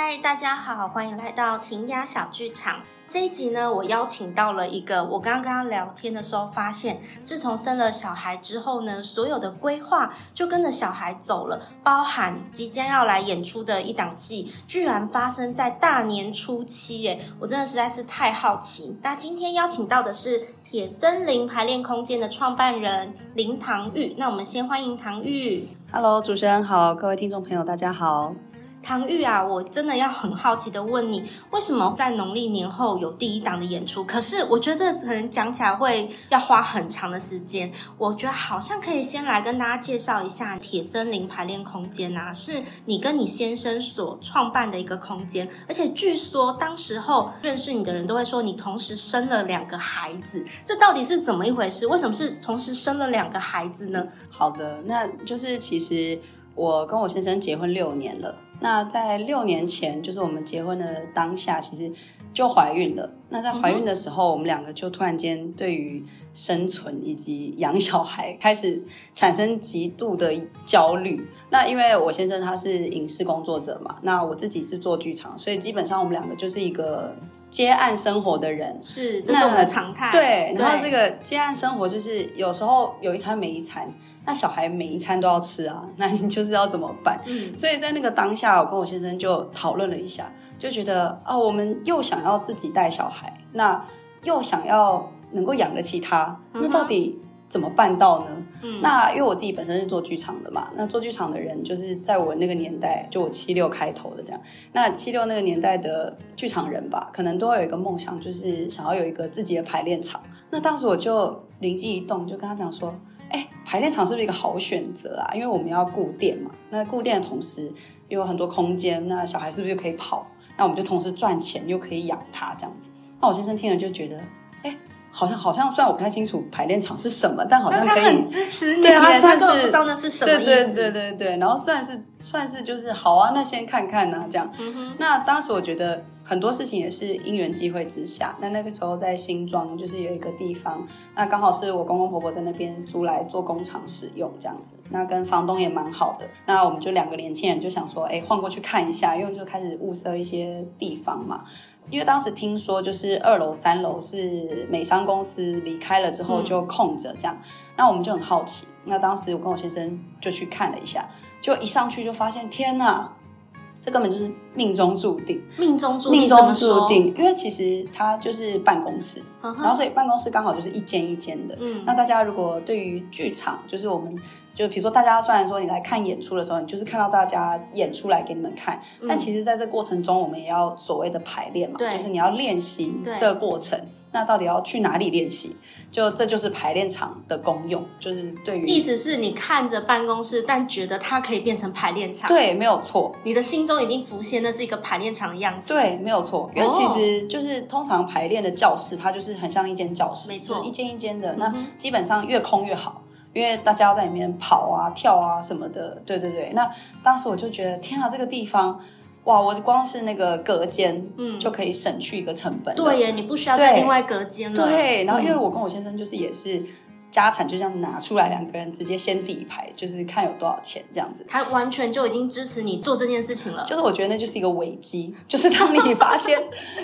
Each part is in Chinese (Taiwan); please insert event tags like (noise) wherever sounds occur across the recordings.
嗨，大家好，歡迎來到庭雅小聚場。這一集呢，我邀請到了一個我剛剛聊天的時候發現，自從生了小孩之後呢，所有的規劃就跟着小孩走了，包含即將要來演出的一檔戲，居然發生在大年初七，誒，我真的實在是太好奇。那今天邀請到的是鐵森林排練空間的創辦人林唐聿，那我們先歡迎唐聿。Hello，主持人好，各位聽眾朋友大家好。唐聿啊，我真的要很好奇的問你，為什麼在農曆年後有第一檔的演出？可是我覺得這可能講起來會要花很長的時間。我覺得好像可以先來跟大家介紹一下鐵森林排練空間啊，是你跟你先生所創辦的一個空間。而且據說當時候認識你的人都會說，你同時生了兩個孩子，這到底是怎麼一回事？為什麼是同時生了兩個孩子呢？好的，那就是其實我跟我先生結婚六年了。那在六年前，就是我們結婚的當下，其實就懷孕了。那在懷孕的時候，嗯，我們兩個就突然間對於生存以及養小孩開始產生極度的焦慮。那因為我先生他是影視工作者嘛，那我自己是做劇場，所以基本上我們兩個就是一個接案生活的人，是這是我們的常態。對，對，然後這個接案生活就是有時候有一餐沒一餐。那小孩每一餐都要吃啊，那你就是要怎麼辦？所以在那個當下，我跟我先生就討論了一下，就覺得啊、哦，我們又想要自己帶小孩，那又想要能夠養得起他，那到底怎麼辦到呢？Uh-huh. 那因為我自己本身是做劇場的嘛，嗯、那做劇場的人，就是在我那個年代，就我七六開頭的這樣，那七六那個年代的劇場人吧，可能都會有一個夢想，就是想要有一個自己的排練場。那當時我就靈機一動，就跟他講說。哎、欸，排練場是不是一個好選擇啊？因為我們要顧店嘛，那顧店的同時有很多空間，那小孩是不是就可以跑？那我們就同時賺錢又可以養他這樣子。那我先生聽了就覺得，哎、欸，好像好像，雖然我不太清楚排練場是什麼，但好像可以。他很支持你。對，他更不知道那是什麼意思，對對對對對。然後算是算是就是好啊，那先看看啊這樣、嗯哼。那當時我覺得。很多事情也是因緣際會之下。那那個時候在新莊，就是有一個地方，那剛好是我公公婆婆在那邊租來做工廠使用，這樣子。那跟房東也蠻好的。那我們就兩個年輕人就想說，哎、欸，換過去看一下，因為我們就開始物色一些地方嘛。因為當時聽說就是二樓、三樓是美商公司離開了之後就空着這樣、嗯。那我們就很好奇。那當時我跟我先生就去看了一下，就一上去就發現，天吶！這根本就是命中注定，命中注定，命中注定。因為其實它就是辦公室，啊，然後所以辦公室剛好就是一間一間的。嗯，那大家如果對於劇場，就是我們，就比如說大家雖然說你來看演出的時候，你就是看到大家演出來給你們看，嗯，但其實在這個過程中，我們也要所謂的排練嘛，就是你要練習這個過程。那到底要去哪裡練習？就這就是排練場的功用，就是對於意思是你看着辦公室，但覺得它可以變成排練場。對，沒有錯。你的心中已經浮現的是一個排練場的樣子。對，沒有錯。哦、因為其實就是通常排練的教室，它就是很像一間教室。沒錯，就是、一間一間的。的那基本上越空越好、嗯，因為大家要在裡面跑啊、跳啊什麼的。對對對。那當時我就覺得，天啊，這個地方。哇！我光是那個隔間，嗯，就可以省去一個成本、嗯。對耶，你不需要再另外隔間了對。對，然後因為我跟我先生就是也是家產，就這樣拿出來，兩個人直接先底牌，就是看有多少錢這樣子。他完全就已經支持你做這件事情了。就是我覺得那就是一個危機，就是當你發現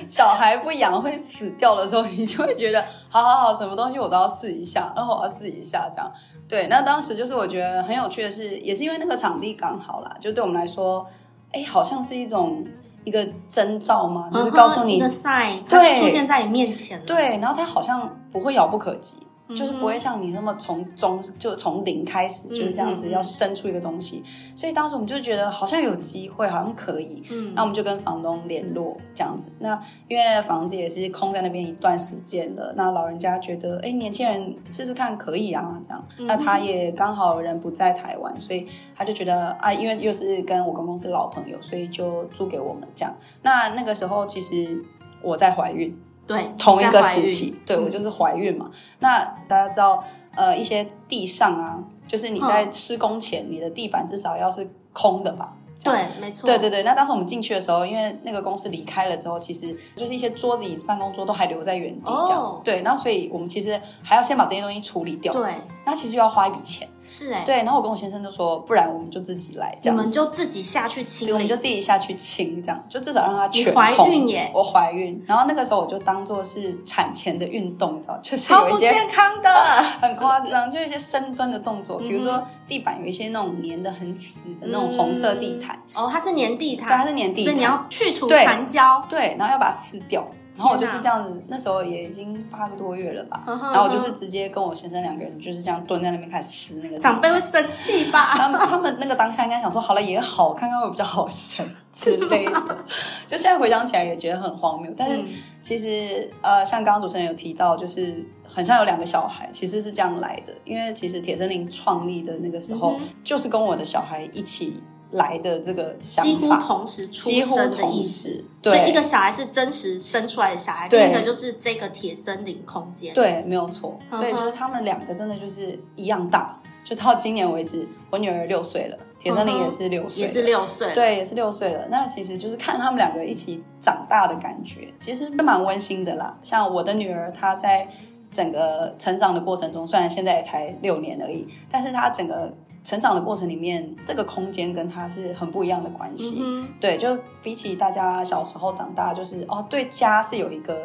小孩不養會死掉的時候， (laughs) 你就會覺得好好好，什麼東西我都要試一下，然後我要試一下這樣。對，那當時就是我覺得很有趣的是，也是因為那個場地剛好啦，就對我們來說。哎，好像是一種一個徵兆嗎？嗯，就是告訴你一個 sign，對，就出現在你面前了。對，然後他好像不會遙不可及。就是不會像你那麼從中就從零開始，就是這樣子要生出一個東西。所以當時我們就覺得好像有機會，好像可以。那我們就跟房東聯絡這樣子。那因為房子也是空在那邊一段時間了，那老人家覺得哎、欸，年輕人試試看可以啊，這樣。那他也剛好人不在台灣，所以他就覺得啊，因為又是跟我公公是老朋友，所以就租給我們這樣。那那個時候其實我在懷孕。對，同一個時期，對我就是懷孕嘛。嗯、那大家知道，呃，一些地上啊，就是你在施工前，嗯、你的地板至少要是空的吧？對，沒錯。對對對，那當時我們進去的時候，因為那個公司離開了之後，其實就是一些桌子、椅子、辦公桌都還留在原地這樣、哦，對。然後，所以我們其實還要先把這些東西處理掉。對，那其實又要花一筆錢。是哎、欸，對，然後我跟我先生就說，不然我們就自己來，這樣，我們就自己下去清理，我們就自己下去清，這樣就至少讓他全。你懷孕耶，我懷孕，然後那個時候我就當做是產前的運動，你知道就是有一些超不健康的、啊，很誇張， (laughs) 就一些深蹲的動作，比如說地板有一些那種粘的很死的那種紅色地毯，嗯、哦，它是粘地毯，對，它是粘地毯，所以你要去除殘膠，對，然後要把它撕掉。然後我就是這樣子，那時候也已經八個多月了吧、哦哦哦。然後我就是直接跟我先生兩個人就是這樣蹲在那邊開始撕那個。長輩會生氣吧？然後他們，他們那個當下應該想說，好了也好，看看會比較好生之類的。就現在回想起來也覺得很荒謬，但是其實、嗯、呃，像剛剛主持人有提到，就是很像有兩個小孩其實是這樣來的，因為其實鐵森林創立的那個時候、嗯、就是跟我的小孩一起。來的這個想法，幾乎同時出生的意思，所以一個小孩是真實生出來的小孩，另一個就是這個鐵森林空間。對，沒有錯呵呵。所以就是他們兩個真的就是一樣大，就到今年為止，我女兒六歲了，鐵森林也是六歲呵呵，也是六歲，對，也是六歲了、嗯。那其實就是看他們兩個一起長大的感覺，其實蠻溫馨的啦。像我的女兒，她在整個成長的過程中，雖然現在也才六年而已，但是她整個。成長的過程裡面，這個空間跟他是很不一樣的關係，嗯。對，就比起大家小時候長大，就是哦，對家是有一個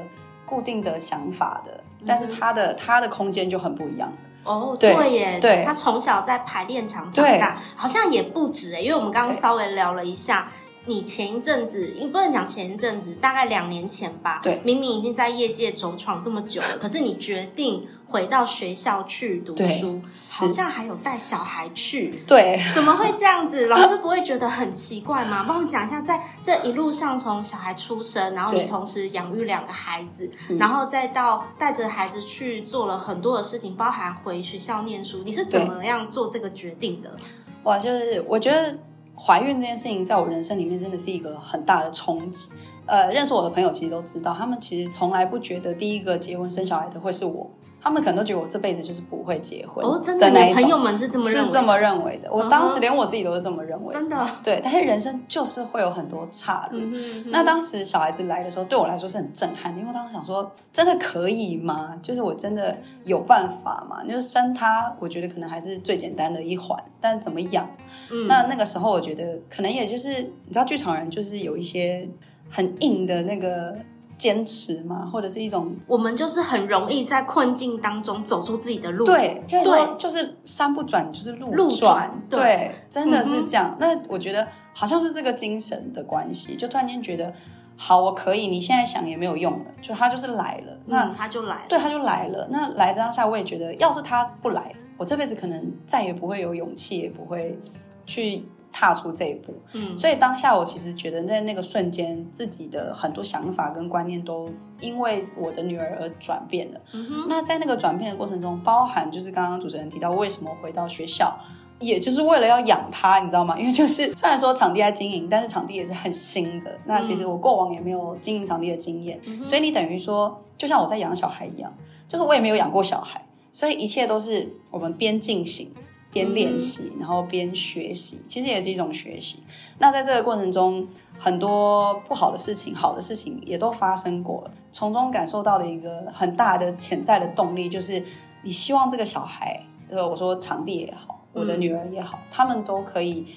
固定的想法的，嗯，但是他的他的空間就很不一樣。哦，對耶，他從小在排練場長大，好像也不止誒、欸，因為我們剛剛稍微聊了一下。你前一陣子，你不能講前一陣子，大概兩年前吧。對，明明已經在業界走闖這麼久了，可是你決定回到學校去讀書，好像還有帶小孩去。對，怎麼會這樣子？老師不會覺得很奇怪嗎？幫我們講一下，在這一路上，從小孩出生，然後你同時養育兩個孩子，然後再到帶着孩子去做了很多的事情，包含回學校念書，你是怎麼樣做這個決定的？哇，我就是我覺得。嗯懷孕這件事情，在我人生裡面真的是一個很大的衝擊。呃，認識我的朋友其實都知道，他們其實從來不覺得第一個結婚生小孩的會是我。他們可能都覺得我這輩子就是不會結婚。哦，真的，朋友們是這麼認為是這麼認為的。我當時連我自己都是這麼認為。真的，uh-huh. 對，但是人生就是會有很多岔路。 (laughs) 那當時小孩子來的時候，對我來說是很震撼的，因為我當時想說，真的可以嗎？就是我真的有辦法嗎？就是生他，我覺得可能還是最簡單的一環，但怎麼養？嗯 (laughs) 那那個時候我覺得，可能也就是你知道，劇場人就是有一些很硬的那個。堅持嘛，或者是一種，我們就是很容易在困境當中走出自己的路。對，就是就是山不轉，就是，就是路路轉。對，真的是這樣、嗯。那我覺得好像是這個精神的關係，就突然間覺得，好，我可以，你現在想也沒有用了，就他就是來了。那他、嗯、就來了。對，他就來了。那來的當下，我也覺得，要是他不來，我這輩子可能再也不會有勇氣，也不會去。踏出這一步，嗯，所以當下我其實覺得在那個瞬間，自己的很多想法跟觀念都因為我的女兒而轉變了，嗯。那在那個轉變的過程中，包含就是剛剛主持人提到為什麼回到學校，也就是為了要養她，你知道嗎？因為就是雖然說場地在經營，但是場地也是很新的。那其實我過往也沒有經營場地的經驗，嗯，所以你等於說，就像我在養小孩一樣，就是我也沒有養過小孩，所以一切都是我們邊進行。邊練習，然後邊學習，其實也是一種學習。那在這個過程中，很多不好的事情、好的事情也都發生過了，從中感受到的一個很大的潛在的動力，就是你希望這個小孩，呃，我說場地也好，我的女兒也好，嗯，他們都可以。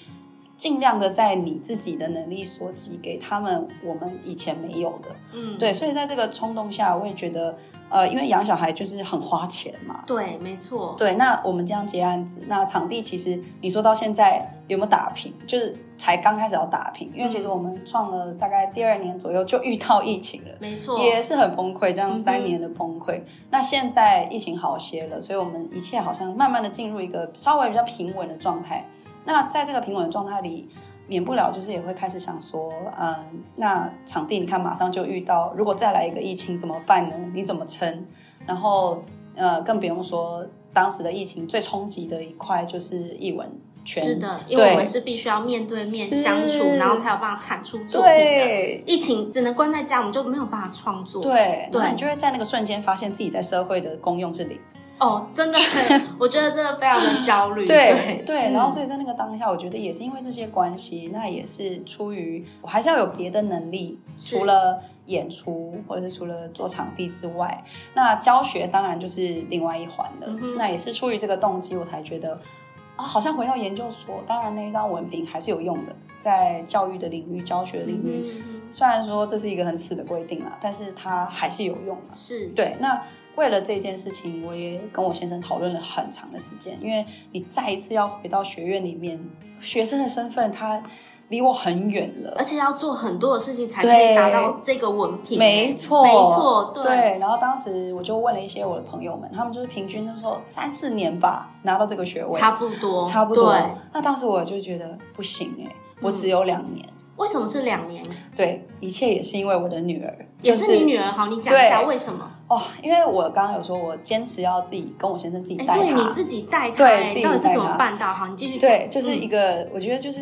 儘量的在你自己的能力所及，給他們我們以前沒有的，嗯，對，所以在這個衝動下，我也覺得，呃，因為養小孩就是很花錢嘛，對，沒錯，對。那我們這樣接案子，那場地其實你說到現在有沒有打平？就是才剛開始要打平，嗯，因為其實我們創了大概第二年左右就遇到疫情了，沒錯，也是很崩潰，這樣三年的崩潰。嗯、那現在疫情好些了，所以我們一切好像慢慢的進入一個稍微比較平穩的狀態。那在這個平穩的狀態裡，免不了就是也會開始想說，嗯、呃，那場地你看馬上就遇到，如果再來一個疫情怎麼辦呢？你怎麼撐？然後，呃，更不用說當時的疫情最衝擊的一塊就是藝文圈，是的，因為我們是必須要面對面相處，然後才有辦法產出作品。對，疫情只能關在家，我們就沒有辦法創作。對對，你就會在那個瞬間發現自己在社會的功用是零。哦、oh，真的很， (laughs) 我覺得真的非常的焦慮。 (laughs) 對對，對，嗯，然後所以在那個當下，我覺得也是因為這些關係，那也是出於我還是要有別的能力，除了演出或者是除了做場地之外，那教學當然就是另外一環了。嗯、那也是出於這個動機，我才覺得啊，好像回到研究所，當然那一張文憑還是有用的，在教育的領域、教學的領域，嗯哼嗯哼，雖然說這是一個很死的規定啊，但是它還是有用的、啊。是對那。為了這件事情，我也跟我先生討論了很長的時間。因為你再一次要回到學院裡面，學生的身份他離我很遠了，而且要做很多的事情才可以拿到這個文憑。沒錯，沒錯，對，對。然後當時我就問了一些我的朋友們，他們就是平均都說三四年吧，拿到這個學位差不多，差不多，對。那當時我就覺得不行哎、欸，我只有兩年。嗯為什麼是兩年？對，一切也是因為我的女兒，就是、也是你女兒，好，你講一下為什麼？哦，因為我剛剛有說，我堅持要自己跟我先生自己帶他、欸。對，你自己帶他、欸，對，你到底是怎麼辦到、欸、好，你繼續講，對，就是一個，嗯、我覺得就是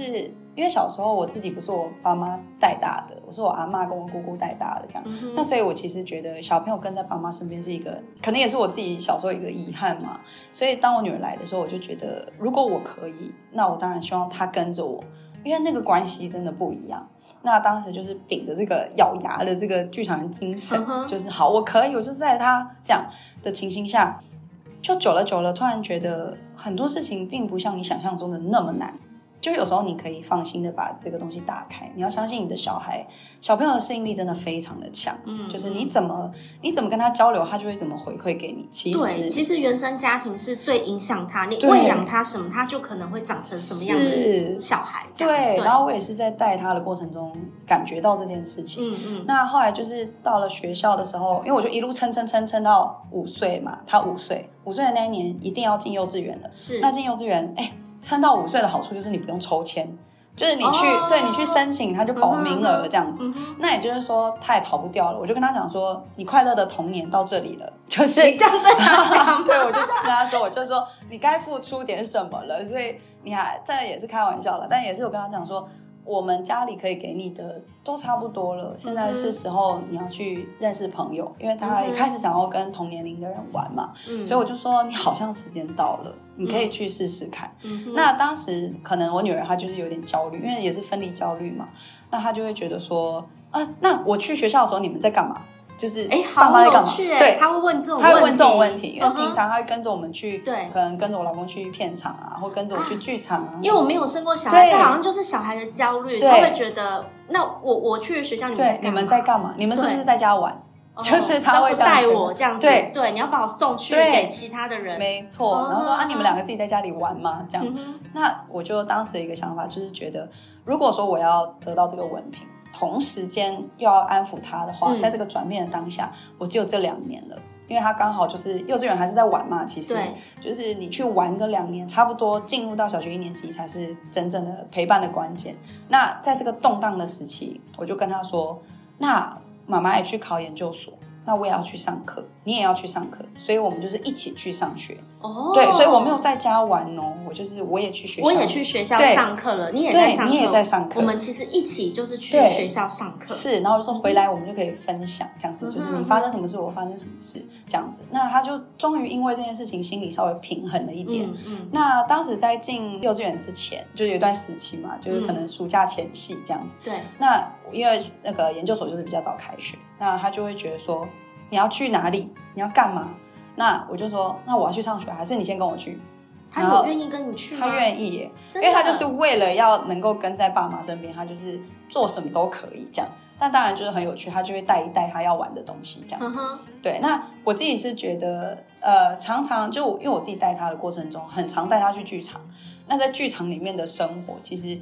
因為小時候我自己不是我爸媽帶大的，我是我阿媽跟我姑姑帶大的這樣、嗯。那所以我其實覺得小朋友跟在爸媽身邊是一個，可能也是我自己小時候一個遺憾嘛。所以當我女兒來的時候，我就覺得如果我可以，那我當然希望她跟着我。因為那個關係真的不一樣。那當時就是秉着這個咬牙的這個劇場精神，uh -huh。就是好，我可以，我就在他這樣的情形下，就久了久了，突然覺得很多事情並不像你想象中的那麼難。就有時候你可以放心的把這個東西打開，你要相信你的小孩，小朋友的適應力真的非常的強，嗯，就是你怎麼、嗯、你怎麼跟他交流，他就會怎麼回饋給你。其實。對，其實原生家庭是最影響他，你餵養他什麼，他就可能會長成什麼樣的小孩對。對，然後我也是在帶他的過程中感覺到這件事情。嗯嗯。那後來就是到了學校的時候，因為我就一路撐撐撐撐到五歲嘛，他五歲，五歲的那一年一定要進幼稚園了。是。那進幼稚園，哎。撐到五歲的好處就是你不用抽籤，就是你去、哦、對你去申請，嗯、他就保名額、嗯、這樣子、嗯。那也就是說他也逃不掉了。我就跟他講說，你快樂的童年到這裡了，就是你這樣子。 (laughs) 對，我就這樣跟他說，我就說你該付出點什麼了。所以你還但也是開玩笑了，但也是我跟他講說，我們家裡可以給你的都差不多了，現在是時候你要去認識朋友，因為他一開始想要跟同年齡的人玩嘛、嗯。所以我就說你好像時間到了。你可以去試試看。嗯嗯。那當時可能我女兒她就是有點焦慮，因為也是分離焦慮嘛，那她就會覺得說，啊，那我去學校的時候你們在幹嘛？就是哎，爸媽在幹嘛？對，她會問這種，她會問這種問題，因為平常她會跟着我們去，對、嗯，可能跟着我老公去片場啊，或跟着我去劇場啊。啊因為我沒有生過小孩對，這好像就是小孩的焦慮，他會覺得，那我我去學校，你們你們在幹嘛？你們是不是在家玩？就是他會帶、哦、我這樣子，對對，你要把我送去給其他的人，沒錯。然後說、哦、啊，你們兩個自己在家裡玩嘛，這樣、嗯。那我就當時有一個想法就是覺得，如果說我要得到這個文憑，同時間又要安撫他的話，嗯、在這個轉變的當下，我只有這兩年了，因為他剛好就是幼稚園還是在玩嘛，其實對，就是你去玩個兩年，差不多進入到小學一年級才是真正的陪伴的關鍵。那在這個動盪的時期，我就跟他說，那，媽媽也去考研究所，那我也要去上課，你也要去上課，所以我們就是一起去上學。Oh, 對，所以我沒有在家玩哦，我就是我也去學校，我也去學校上課了。對對你也在，你也在上課。我們其實一起就是去學校上課。是，然後說回來我們就可以分享、嗯、這樣子，就是你發生什麼事，嗯嗯我發生什麼事這樣子。那他就終於因為這件事情心裡稍微平衡了一點。嗯，嗯那當時在進幼稚園之前，就是有段時期嘛，就是可能暑假前夕這、嗯、這樣子。對。那因為那個研究所就是比較早開學，那他就會覺得說你要去哪裡，你要幹嘛。那我就說，那我要去上學，還是你先跟我去。他有願意跟你去嗎？他願意耶、啊，因為他就是為了要能夠跟在爸媽身邊，他就是做什麼都可以這樣。但當然就是很有趣，他就會帶一袋他要玩的東西這樣。Uh-huh. 對，那我自己是覺得，呃，常常就因為我自己帶他的過程中，很常帶他去劇場。那在劇場裡面的生活，其實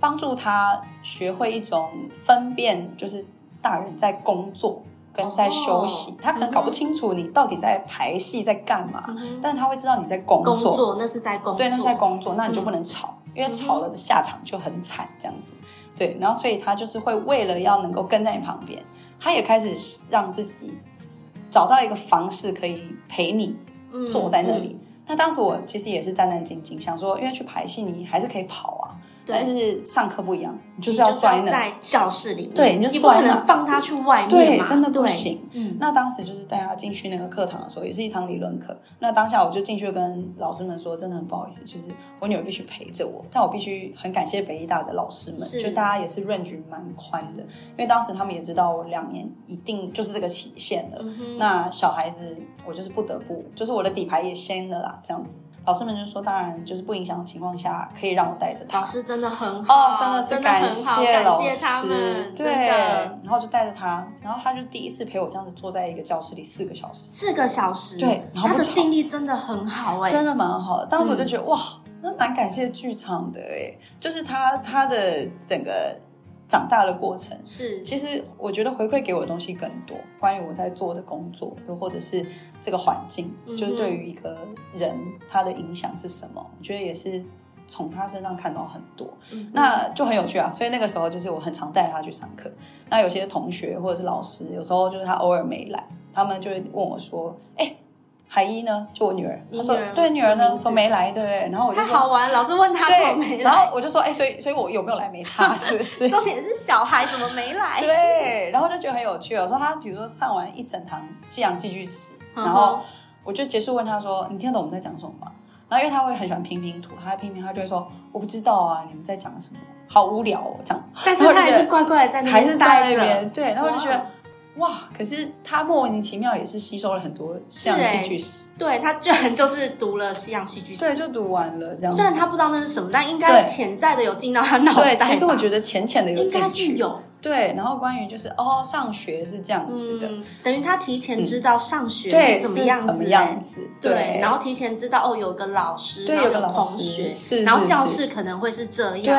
幫助他學會一種分辨，就是大人在工作。跟在休息。哦，他可能搞不清楚你到底在排戲在幹嘛，嗯，但他會知道你在工作，工作那是在工作，對，那是在工作，嗯，那你就不能吵，嗯，因為吵了的下場就很慘，這樣子，對，然後所以他就是會為了要能夠跟在你旁邊，他也開始讓自己找到一個方式可以陪你坐在那裡。嗯嗯，那當時我其實也是戰戰兢兢，想說，因為去排戲你還是可以跑啊。對但是上課不一樣，你就是要關在教室裡面，對你就，你不可能放他去外面對，真的不行。嗯，那當時就是大家進去那個課堂的時候，也是一堂理論課。那當下我就進去跟老師們說，真的很不好意思，就是我女兒必須陪着我，但我必須很感謝北藝大的老師們，就大家也是 range 蠻寬的，因為當時他們也知道我兩年一定就是這個期限了。嗯、那小孩子，我就是不得不，就是我的底牌也掀了啦，這樣子。老師們就說：“當然，就是不影響的情況下，可以讓我帶着他。”老師真的很好、哦、真的是感謝老師，感謝他們對。然後就帶着他，然後他就第一次陪我這樣子坐在一個教室裡四個小時，四個小時，對。然後他的定力真的很好、欸，哎，真的蠻好的。當時我就覺得、嗯、哇，那蠻感謝劇場的、欸，哎，就是他他的整個。長大的過程是，其實我覺得回饋給我的東西更多，關於我在做的工作，又或者是這個環境，嗯、就是對於一個人他的影響是什麼，我覺得也是從他身上看到很多、嗯，那就很有趣啊。所以那個時候就是我很常帶他去上課，那有些同學或者是老師，有時候就是他偶爾沒來，他們就會問我說，哎。海一呢？就我女兒，女兒她說女對女兒呢，說沒來，對不然後我就太好玩，老是問她怎麼沒來。然後我就說，哎、欸，所以所以，所以我有沒有來沒差，是不是？ (laughs) 重點是小孩怎麼沒來？對，然後就覺得很有趣。我說她比如說上完一整堂《西洋戲劇史》，嗯，然後我就結束問她說：“你聽得懂我們在講什麼嗎？”然後因為她會很喜歡拼拼圖，他拼拼，她就會說：“我不知道啊，你們在講什麼？好無聊哦，這樣。”但是他還是乖乖在，還是在那邊。對，然後我就覺得。哇！可是他莫名其妙也是吸收了很多西洋戲劇史，欸、對，他居然就是讀了西洋戲劇史，對，就讀完了這樣子。雖然他不知道那是什麼，但應該潛在的有進到他腦袋。對，其實我覺得淺淺的有進去，應該是有。對，然後關於就是哦，上學是這樣子的，嗯，等於他提前知道上學是怎麼樣子，怎，嗯、麼樣子對，對，然後提前知道哦，有個老師，有，有個同學，然後教室，可能會是這樣，對，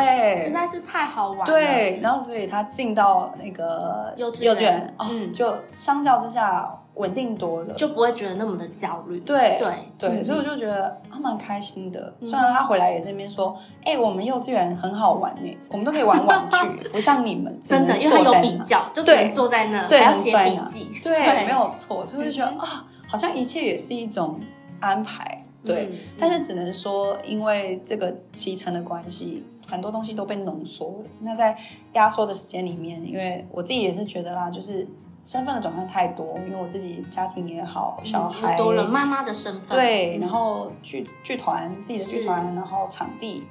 實在是太好玩了，對，然後所以他進到那個幼稚園，幼稚園哦，嗯，就相較之下，穩定多了，就不會覺得那麼的焦慮。對對對、嗯，所以我就覺得他蠻開心的、嗯。雖然他回來也這邊說：“哎、欸，我們幼稚園很好玩呢、欸，我們都可以玩玩具， (laughs) 不像你們真的。”因為他有比較，對就只能坐在那，對，要寫筆記算對。對，沒有錯，所以就會覺得啊，好像一切也是一種安排。對，嗯、但是只能說，因為這個行程的關係，很多東西都被濃縮。那在壓縮的時間裡面，因為我自己也是覺得啦，就是。身份的轉換太多，因為我自己家庭也好，嗯、小孩多了，媽媽的身份，對、嗯，然後劇、劇團，自己的劇團，然後場地，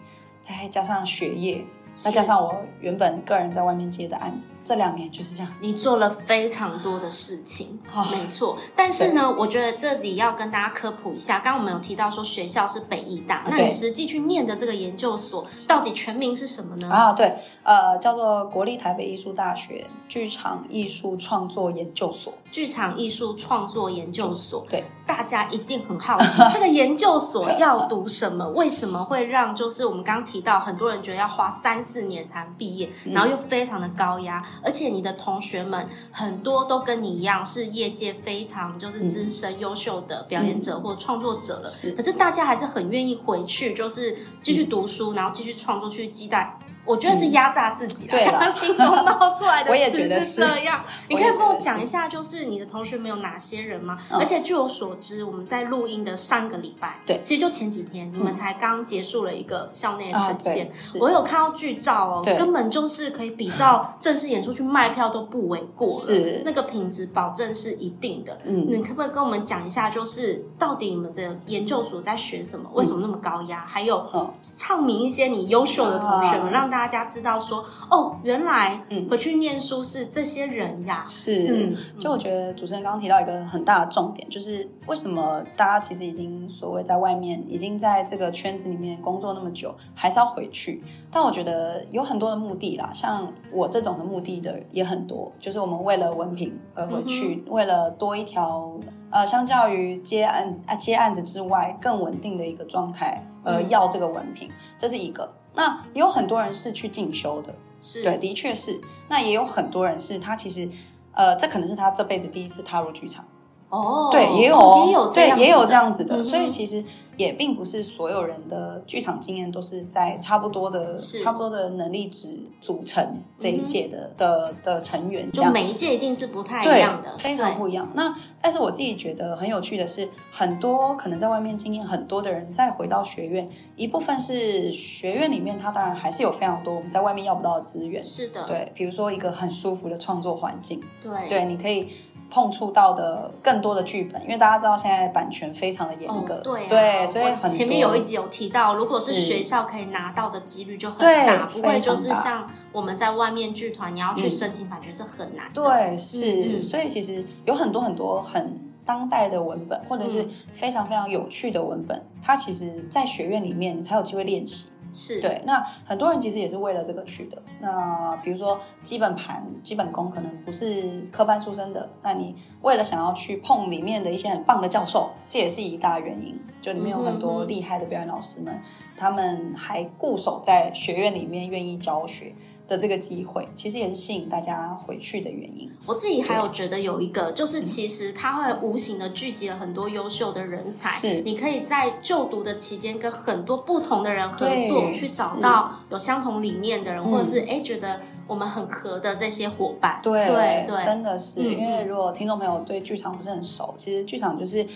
再加上學業，再加上我原本個人在外面接的案子。這兩年就是這樣，你做了非常多的事情，好、啊，沒錯。但是呢，我覺得這裡要跟大家科普一下。剛剛我們有提到說學校是北藝大，那你實際去念的這個研究所到底全名是什麼呢？啊，對，呃，叫做國立台北藝術大學劇場藝術創作研究所。劇場藝術創作研究所，對，對大家一定很好奇 (laughs) 這個研究所要讀什麼？為什麼會讓就是我們剛剛提到很多人覺得要花三四年才畢業，嗯、然後又非常的高壓？而且你的同學們很多都跟你一樣，是業界非常就是資深優秀的表演者或創作者了。嗯嗯。可是大家還是很願意回去，就是繼續讀書，嗯，然後繼續創作，去期待。我覺得是壓榨自己他、嗯、心中冒出來的詞 (laughs) 我也覺得是，是這樣是。你可以跟我講一下，就是你的同學們有哪些人嗎？而且據我所知，哦、我們在錄音的上個禮拜，對，其實就前幾天，嗯、你們才剛結束了一個校內的呈現、啊。我有看到劇照哦，對，根本就是可以比照正式演出去賣票都不為過了，是那個品質保證是一定的。嗯，你可不可以跟我們講一下，就是到底你們的研究所在學什麼？嗯、為什麼那麼高壓？還有，哦、唱名一些你優秀的同學們、嗯，讓大家。大家知道說哦，原來嗯回去念書是這些人呀、啊。是，就我覺得主持人剛剛提到一個很大的重點，就是為什麼大家其實已經所謂在外面，已經在這個圈子裡面工作那麼久，還是要回去？但我覺得有很多的目的啦，像我這種的目的的也很多，就是我們為了文憑而回去、嗯，為了多一條呃，相較於接案、啊、接案子之外更穩定的一個狀態而要這個文憑、嗯，這是一個。那也有很多人是去進修的，是，對，的確是。那也有很多人是他其實，呃，這可能是他這輩子第一次踏入劇場。哦、oh，對，也有，也、嗯、有，也有這樣子的、樣子的、嗯，所以其實也並不是所有人的劇場經驗都是在差不多的、差不多的能力值組成這一屆的、嗯、的的成員這樣。就每一屆一定是不太一樣的，非常不一樣。那但是我自己覺得很有趣的是，很多可能在外面經驗很多的人，再回到學院，一部分是學院裡面他當然還是有非常多我們在外面要不到的資源，是的，對，比如說一個很舒服的創作環境，對，對，你可以。碰觸到的更多的劇本，因為大家知道現在版權非常的嚴格，哦對，啊、對，所以很前面有一集有提到，如果是學校可以拿到的幾率就很大，對，不會就是像我們在外面劇團，嗯、你要去申請版權是很難。對，是、嗯，所以其實有很多很多很當代的文本，或者是非常非常有趣的文本，它其實，在學院裡面你才有機會練習。是，對，那很多人其實也是為了這個去的。那比如說基本盤、基本功可能不是科班出身的，那你為了想要去碰裡面的一些很棒的教授，這也是一大原因。就裡面有很多厲害的表演老師們，嗯嗯，他們還固守在學院裡面，願意教學的這個機會，其實也是吸引大家回去的原因。我自己還有覺得有一個，就是其實它會無形地聚集了很多優秀的人才。是，你可以在就讀的期間跟很多不同的人合作，去找到有相同理念的人，或者是哎、嗯、覺得我們很合的這些夥伴。對對對，真的是、嗯、因為如果聽眾朋友對劇場不是很熟，其實劇場就是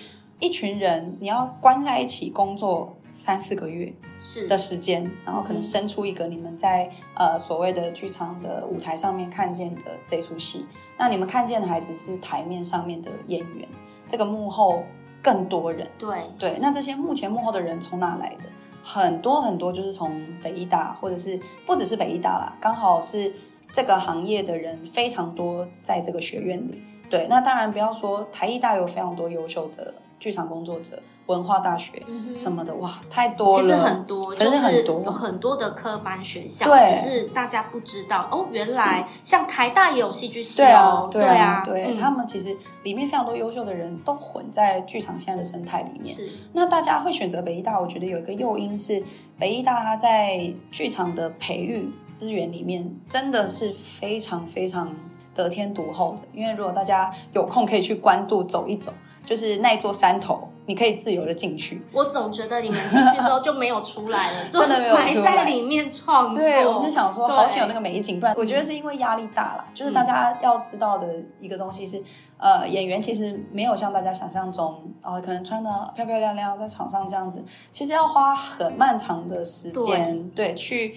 一群人，你要關在一起工作。三四個月是的時間，然後可能生出一個你們在、嗯、呃所謂的劇場的舞台上面看見的這齣戲。那你們看見的還只是台面上面的演員，這個幕後更多人。對對，那這些幕前幕後的人從哪來的？很多很多就是從北藝大，或者是不只是北藝大啦，剛好是這個行業的人非常多在這個學院裡。對，那當然不要說台藝大有非常多優秀的。劇場工作者、文化大學什麼的，哇，太多了。其實很多，很、就是有很多的科班學校對，只是大家不知道。哦，原來像台大也有戲劇系哦，對啊，對，啊對，啊、嗯、對，他們其實裡面非常多優秀的人都混在劇場現在的生態裡面。是，那大家會選擇北藝大，我覺得有一個誘因是北藝大它在劇場的培育資源裡面真的是非常非常得天獨厚的。因為如果大家有空可以去關渡走一走。就是那一座山頭，你可以自由的進去。我總覺得你們進去之後就沒有出來了， (laughs) 真的沒有出來就埋在裡面創作。我就想說，好想有那個美景。不然，我覺得是因為壓力大啦、嗯。就是大家要知道的一個東西是，嗯、呃，演員其實沒有像大家想象中，哦、呃，可能穿的漂漂亮亮在場上這樣子。其實要花很漫長的時間，對，去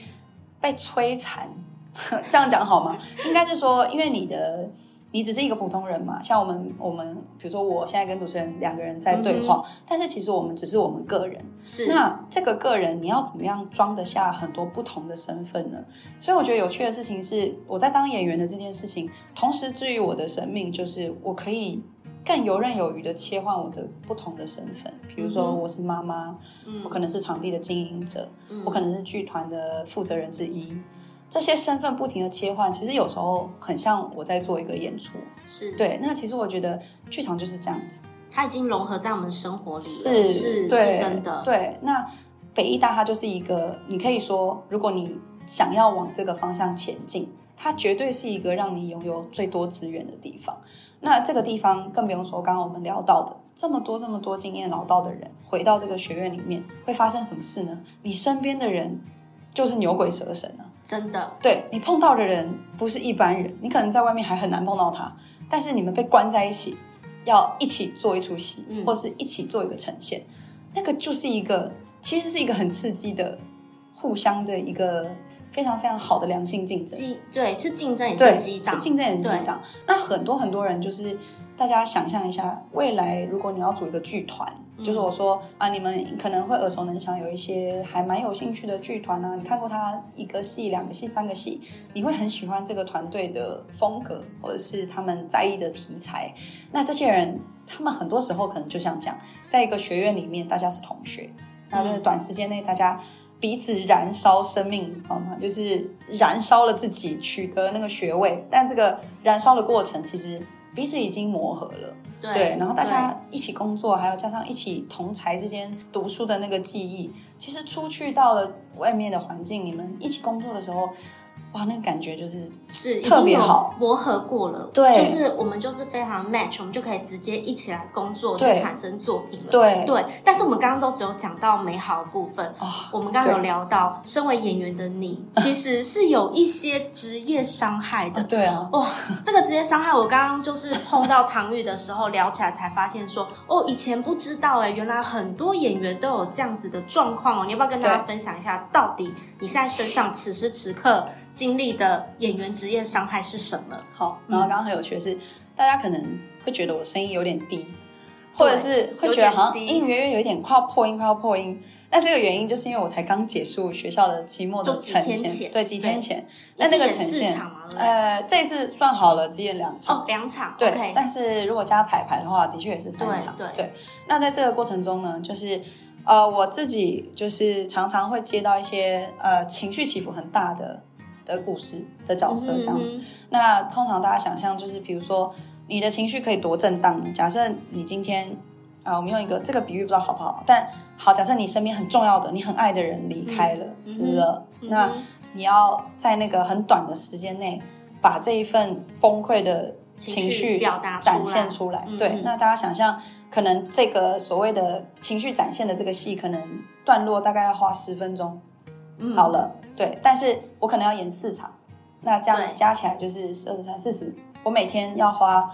被摧殘。 (laughs) 這樣講好嗎？ (laughs) 應該是說，因為你的。你只是一個普通人嘛，像我們，我們比如說，我現在跟主持人兩個人在對話、嗯，但是其實我們只是我們個人。是。那這個個人，你要怎麼樣裝得下很多不同的身份呢？所以我覺得有趣的事情是，我在當演員的這件事情，同時治癒我的生命，就是我可以更遊刃有餘的切換我的不同的身份。比如說，我是媽媽、嗯，我可能是場地的經營者、嗯，我可能是劇團的負責人之一。這些身份不停的切換，其實有時候很像我在做一個演出。是，對。那其實我覺得劇場就是這樣子，它已經融合在我們生活裡了。是，是，是真的。對。那北藝大它就是一個，你可以說，如果你想要往這個方向前進，它絕對是一個讓你擁有最多資源的地方。那這個地方更不用說，剛剛我們聊到的這麼多這麼多經驗老道的人回到這個學院裡面，會發生什麼事呢？你身邊的人就是牛鬼蛇神了、啊。嗯真的，對，你碰到的人不是一般人，你可能在外面還很難碰到他，但是你們被關在一起，要一起做一出戲，嗯，或是一起做一個呈現，那個就是一個，其實是一個很刺激的，互相的一個非常非常好的良性競爭，對，是競爭也是激盪，對，是競爭也是激盪，那很多很多人就是。大家想象一下，未來如果你要組一個劇團，就是我說啊，你們可能會耳熟能詳，有一些還蠻有興趣的劇團啊，你看過他一個戲、兩個戲、三個戲，你會很喜歡這個團隊的風格，或者是他們在意的題材。那這些人，他們很多時候可能就像這樣，在一個學院裡面，大家是同學，那在短時間內大家彼此燃燒生命，你知道嗎？就是燃燒了自己，取得那個學位。但這個燃燒的過程，其實。彼此已經磨合了，對，對，然後大家一起工作，還有加上一起同儕之間讀書的那個記憶，其實出去到了外面的環境，你們一起工作的時候。哇，那個感覺就是特是特別好，是已經有磨合過了，對，就是我們就是非常 match，我們就可以直接一起來工作，對，產生作品了，對對。但是我們剛剛都只有講到美好的部分，哦、我們剛剛有聊到，身為演員的你其實是有一些職業傷害的、嗯哦，對啊。哇、哦，這個職業傷害，我剛剛就是碰到唐聿的時候 (laughs) 聊起來才發現說，說哦，以前不知道、欸，哎，原來很多演員都有這樣子的狀況哦。你要不要跟大家分享一下，到底你現在身上此時此刻？經歷的演員職業傷害是什麼？好，然後剛剛很有趣的是，大家可能會覺得我聲音有點低，或者是會覺得好像隱隱約約有一點快要破音，快要破音。那這個原因就是因為我才剛結束學校的期末的呈現，前對，幾天前。那這個呈現幾天四場、啊、呃，這次算好了，只演兩場哦，兩場。對、okay，但是如果加彩排的話，的確也是三場對對。對，那在這個過程中呢，就是呃，我自己就是常常會接到一些呃情緒起伏很大的。的故事的角色這樣子，嗯嗯嗯、那通常大家想象就是，比如說你的情緒可以多震盪。假設你今天啊，我們用一個這個比喻不知道好不好，但好，假設你身邊很重要的、你很愛的人離開了、嗯嗯，死了，嗯、那、嗯、你要在那個很短的時間內把這一份崩潰的情緒表達展現出來。嗯、對、嗯，那大家想象，可能這個所謂的情緒展現的這個戲，可能段落大概要花十分鐘。嗯、好了，對，但是我可能要演四場，那這樣加起來就是十二十三四十。我每天要花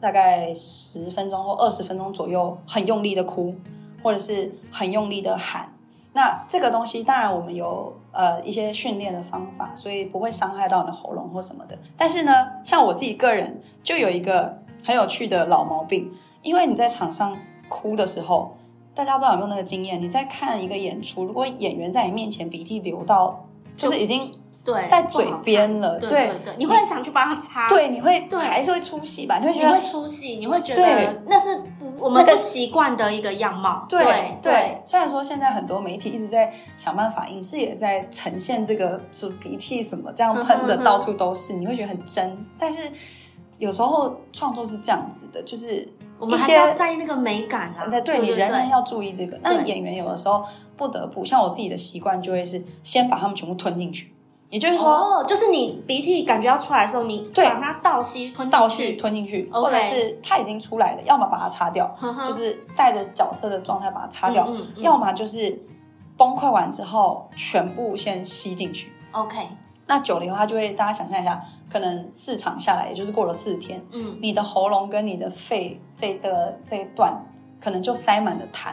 大概十分鐘或二十分鐘左右，很用力的哭，或者是很用力的喊。那這個東西當然我們有呃一些訓練的方法，所以不會傷害到你的喉嚨或什麼的。但是呢，像我自己個人就有一個很有趣的老毛病，因為你在場上哭的時候。大家不知道有沒有那個經驗。你在看一個演出，如果演員在你面前鼻涕流到，就、就是已經對在嘴邊了，對對，對，對，對，你會很想去幫他擦，對，你會，對，你會對，還是會出戲吧？你會覺得你會出戲，你會覺得對，那是不我們不習慣的一個樣貌。那個、對對，對，對，對，雖然說現在很多媒體一直在想辦法，影視也在呈現這個就、嗯、鼻涕什麼這樣噴的到處都是、嗯哼哼，你會覺得很真。但是有時候創作是這樣子的，就是。我們還是要在意那個美感啊，對對對對，對，你仍然要注意這個。對對對，那演員有的時候不得不，像我自己的習慣，就會是先把他們全部吞進去。也就是說，哦，就是你鼻涕感覺要出來的時候，你對把它倒吸吞，倒吸吞進去。或者是它已經出來了，okay、要麼把它擦掉，okay、就是帶着角色的狀態把它擦掉；嗯嗯嗯要麼就是崩潰完之後全部先吸進去。OK、okay，那久了的話，就會大家想象一下。可能四場下來，也就是過了四天，嗯，你的喉嚨跟你的肺這的這一段，可能就塞滿了痰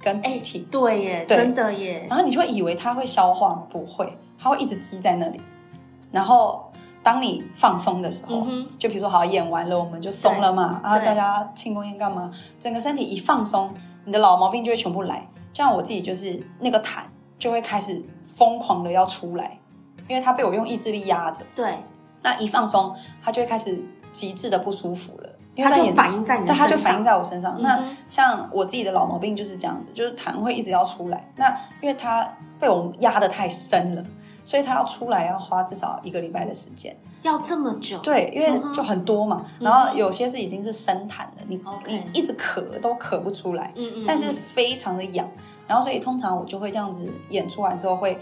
跟液體。欸，對耶對，真的耶。然後你就會以為它會消化，不會，它會一直積在那裡。然後當你放鬆的時候，嗯、就比如說好像演完了，我們就鬆了嘛，啊，大家慶功宴幹嘛，整個身體一放鬆，你的老毛病就會全部來。這樣我自己就是那個痰就會開始瘋狂的要出來，因為它被我用意志力壓着，對。那一放鬆，他就會開始極致的不舒服了。他就反應在你身上，他就反應在，在我身上、嗯。那像我自己的老毛病就是這樣子，就是痰會一直要出來。那因為它被我們壓得太深了，所以它要出來要花至少一個禮拜的時間。要這麼久？對，因為就很多嘛。嗯、然後有些是已經是生痰了，嗯、你，你一一直咳都咳不出來。嗯嗯。但是非常的癢，然後所以通常我就會這樣子演出完之後會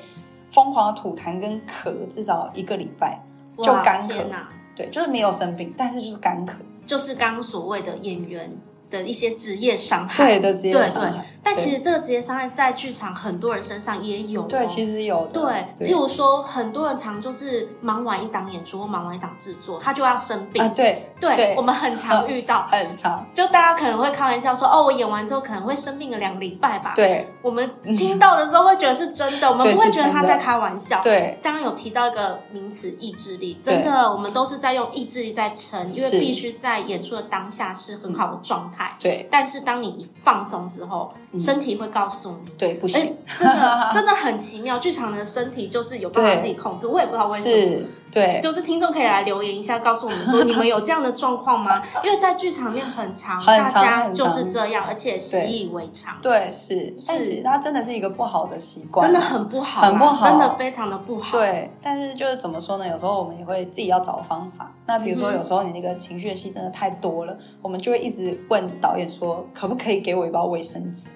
瘋狂的吐痰跟咳，至少一個禮拜。就乾咳、啊，對，就是沒有生病，但是就是乾咳，就是剛所謂的演員的一些職業傷害，對的，職業傷害。但其實這個職業傷害在劇場很多人身上也有、喔，對，其實有的。對，對譬如說，很多人常就是忙完一檔演出或忙完一檔製作，他就要生病、啊、對。對，對，我們很常遇到，很常。就大家可能會開玩笑說，哦，我演完之後可能會生病個兩禮拜吧。對，我們聽到的時候會覺得是真的， (laughs) 我們不會覺得他在開玩笑。對，剛剛有提到一個名詞——意志力，真的，我們都是在用意志力在撐，因為必須在演出的當下是很好的狀態。對，但是當你一放鬆之後、嗯，身體會告訴你，對，不行。欸、真的， (laughs) 真的很奇妙，劇場人的身體就是有辦法自己控制，我也不知道為什麼。對，就是聽眾可以來留言一下，告訴我們說你們有這樣的狀況嗎？ (laughs) 因為在劇場面很常，很常，大家就是這樣，而且習以為常。對，是是，但是它真的是一個不好的習慣，真的很不好，啊，很不好，真的非常的不好。對，但是就是怎麼說呢？有時候我們也會自己要找方法。那比如說，有時候你那個情緒的戲真的太多了，嗯，我們就會一直問導演說，可不可以給我一包衛生紙？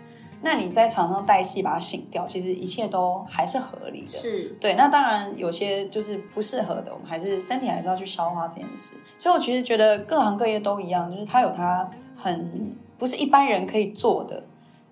那你在場上帶戲把它醒掉，其實一切都還是合理的。是。對，那當然有些就是不適合的，我們還是身體還是要去消化這件事。所以，我其實覺得各行各業都一樣，就是它有它很不是一般人可以做的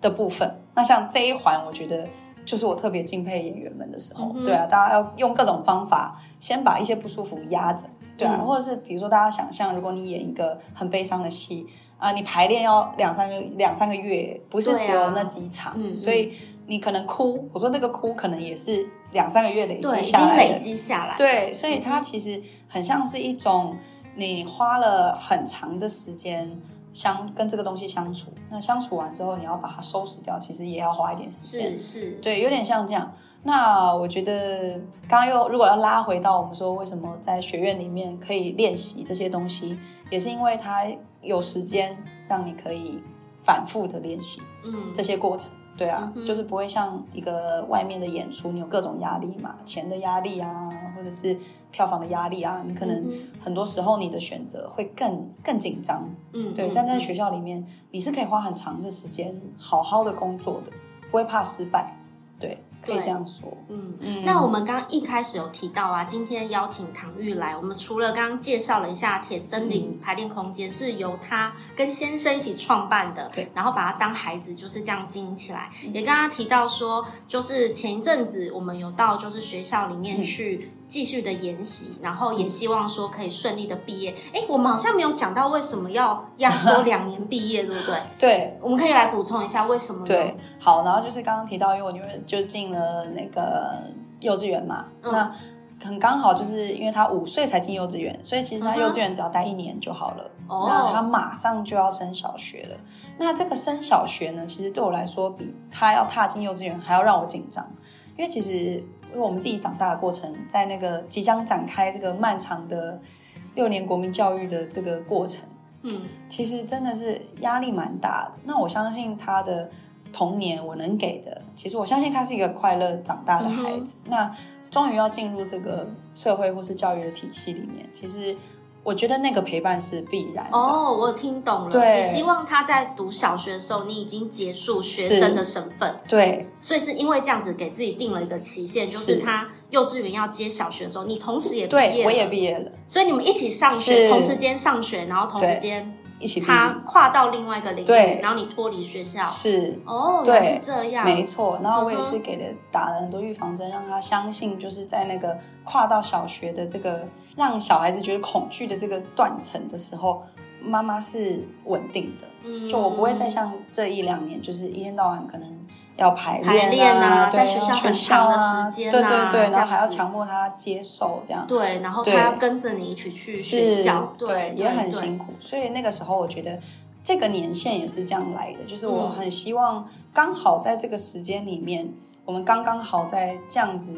的部分。那像這一環，我覺得就是我特別敬佩演員們的時候、嗯。對啊，大家要用各種方法先把一些不舒服壓着。對啊、嗯，或者是比如說大家想象，如果你演一個很悲傷的戲。啊、呃，你排練要兩三個兩三個月，不是只有那幾場、啊嗯，所以你可能哭。我說那個哭可能也是兩三個月累積下來了，對，已經累積下來了。對，所以它其實很像是一種你花了很長的時間相跟這個東西相處。那相處完之後，你要把它收拾掉，其實也要花一點時間。是是，對，有點像這樣。那我覺得剛剛又如果要拉回到我們說為什麼在學院裡面可以練習這些東西，也是因為它。有時間讓你可以反覆的練習，嗯，這些過程，嗯、對啊、嗯，就是不會像一個外面的演出，你有各種壓力嘛，錢的壓力啊，或者是票房的壓力啊，你可能很多時候你的選擇會更更緊張，嗯，對，但在學校裡面，嗯、你是可以花很長的時間，好好的工作的，不會怕失敗，對。對，這樣說。嗯嗯，那我們剛剛一開始有提到啊，今天邀請唐聿來，我們除了剛剛介紹了一下鐵森林排練空間，嗯，是由他跟先生一起創辦的，對，然後把他當孩子就是這樣經營起來，嗯。也剛剛提到說，就是前一陣子我們有到就是學校裡面去。繼續的研習，然後也希望說可以順利的畢業。哎，我們好像沒有講到為什麼要壓縮兩年畢業， (laughs) 對不對？對，我們可以來補充一下為什麼。對，好，然後就是剛剛提到，因為我女兒就進了那個幼稚園嘛，嗯、那很剛好，就是因為她五歲才進幼稚園，所以其實她幼稚園只要待一年就好了。哦、嗯，那她馬上就要升小學了、哦。那這個升小學呢，其實對我來說比她要踏進幼稚園還要讓我緊張，因為其實。因為我們自己長大的過程，在那個即將展開這個漫長的六年國民教育的這個過程，嗯，其實真的是壓力蠻大的。那我相信他的童年，我能給的，其實我相信他是一個快樂長大的孩子，嗯。那終於要進入這個社會或是教育的體系裡面，其實。我覺得那個陪伴是必然的。哦，我聽懂了。對，你希望他在讀小學的時候，你已經結束學生的身份。對，所以是因為這樣子給自己定了一個期限，是就是他幼稚園要接小學的時候，你同時也畢業。對，我也畢業了，所以你們一起上學，同時間上學，然後同時間。他跨到另外一個領域，對，然後你脫離學校，是哦，oh, 對，是這樣，沒錯。然後我也是給了打了很多預防針，讓他相信，就是在那個跨到小學的這個讓小孩子覺得恐懼的這個斷層的時候，媽媽是穩定的。嗯，就我不會再像這一兩年，就是一天到晚可能。要排練、啊、排練吶、啊，在學校很長的時間吶、啊對對對，然後還要強迫他接受這樣。這樣對，然後他要跟着你一起去學校，對、對、對、對、對，也很辛苦。所以那個時候，我覺得這個年限也是這樣來的，就是我很希望剛好在這個時間裡面，嗯、我們剛剛好在這樣子。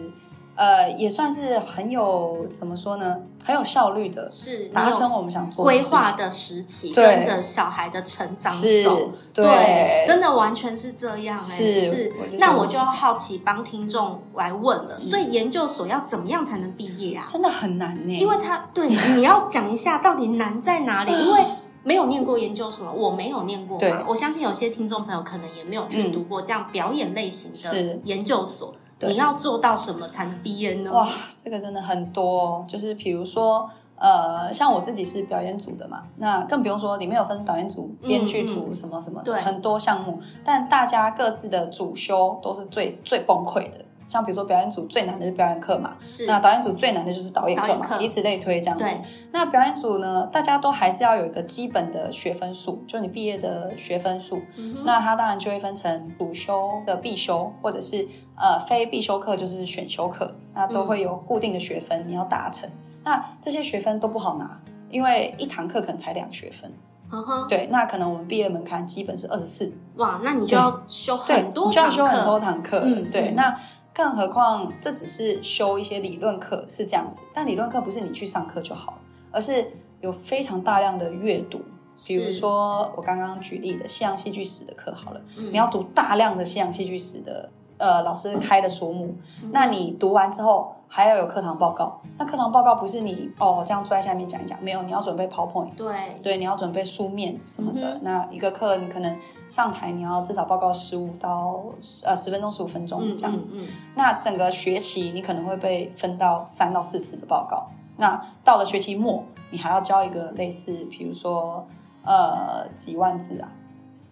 呃，也算是很有，怎麼說呢，很有效率的，是達成我們想做規劃的時期，時期跟着小孩的成長走對，對，真的完全是這樣、欸，是是。那我就好奇幫聽眾來問了，所以研究所要怎麼樣才能畢業啊？真的很難呢、欸，因為他對你要講一下到底難在哪裡， (laughs) 因為沒有念過研究所，我沒有念過嘛，嘛。我相信有些聽眾朋友可能也沒有去讀過這樣表演類型的研究所。你要做到什麼才能畢業呢？哇，這個真的很多哦，就是比如說，呃，像我自己是表演組的嘛，那更不用說裡面有分導演組、編劇組、嗯、什麼什麼，對，很多項目，但大家各自的主修都是最最崩潰的。像比如說表演組最難的是表演課嘛，是那導演組最難的就是導演課嘛導演課，以此類推這樣子。對。那表演組呢，大家都還是要有一個基本的學分數，就你畢業的學分數，嗯。那它當然就會分成主修的必修，或者是呃非必修課，就是選修課，那都會有固定的學分，你要達成，嗯。那這些學分都不好拿，因為一堂課可能才兩學分呵呵。對，那可能我們畢業門檻基本是二十四。哇，那你就要修很多堂課，就要修很多堂課，嗯嗯。對，那。更何況，這只是修一些理論課是這樣子，但理論課不是你去上課就好，而是有非常大量的閱讀。比如說，我剛剛舉例的西洋戲劇史的課好了、嗯，你要讀大量的西洋戲劇史的。呃，老師開的書目、嗯，那你讀完之後還要有課堂報告。嗯、那課堂報告不是你哦，這樣坐在下面講一講，沒有，你要準備 PowerPoint 對對，你要準備書面什麼的。嗯、那一個課你可能上台，你要至少報告十五到呃十分鐘、十五分鐘這樣子嗯嗯嗯。那整個學期你可能會被分到三到四次的報告。那到了學期末，你還要交一個類似，比如說呃幾萬字啊，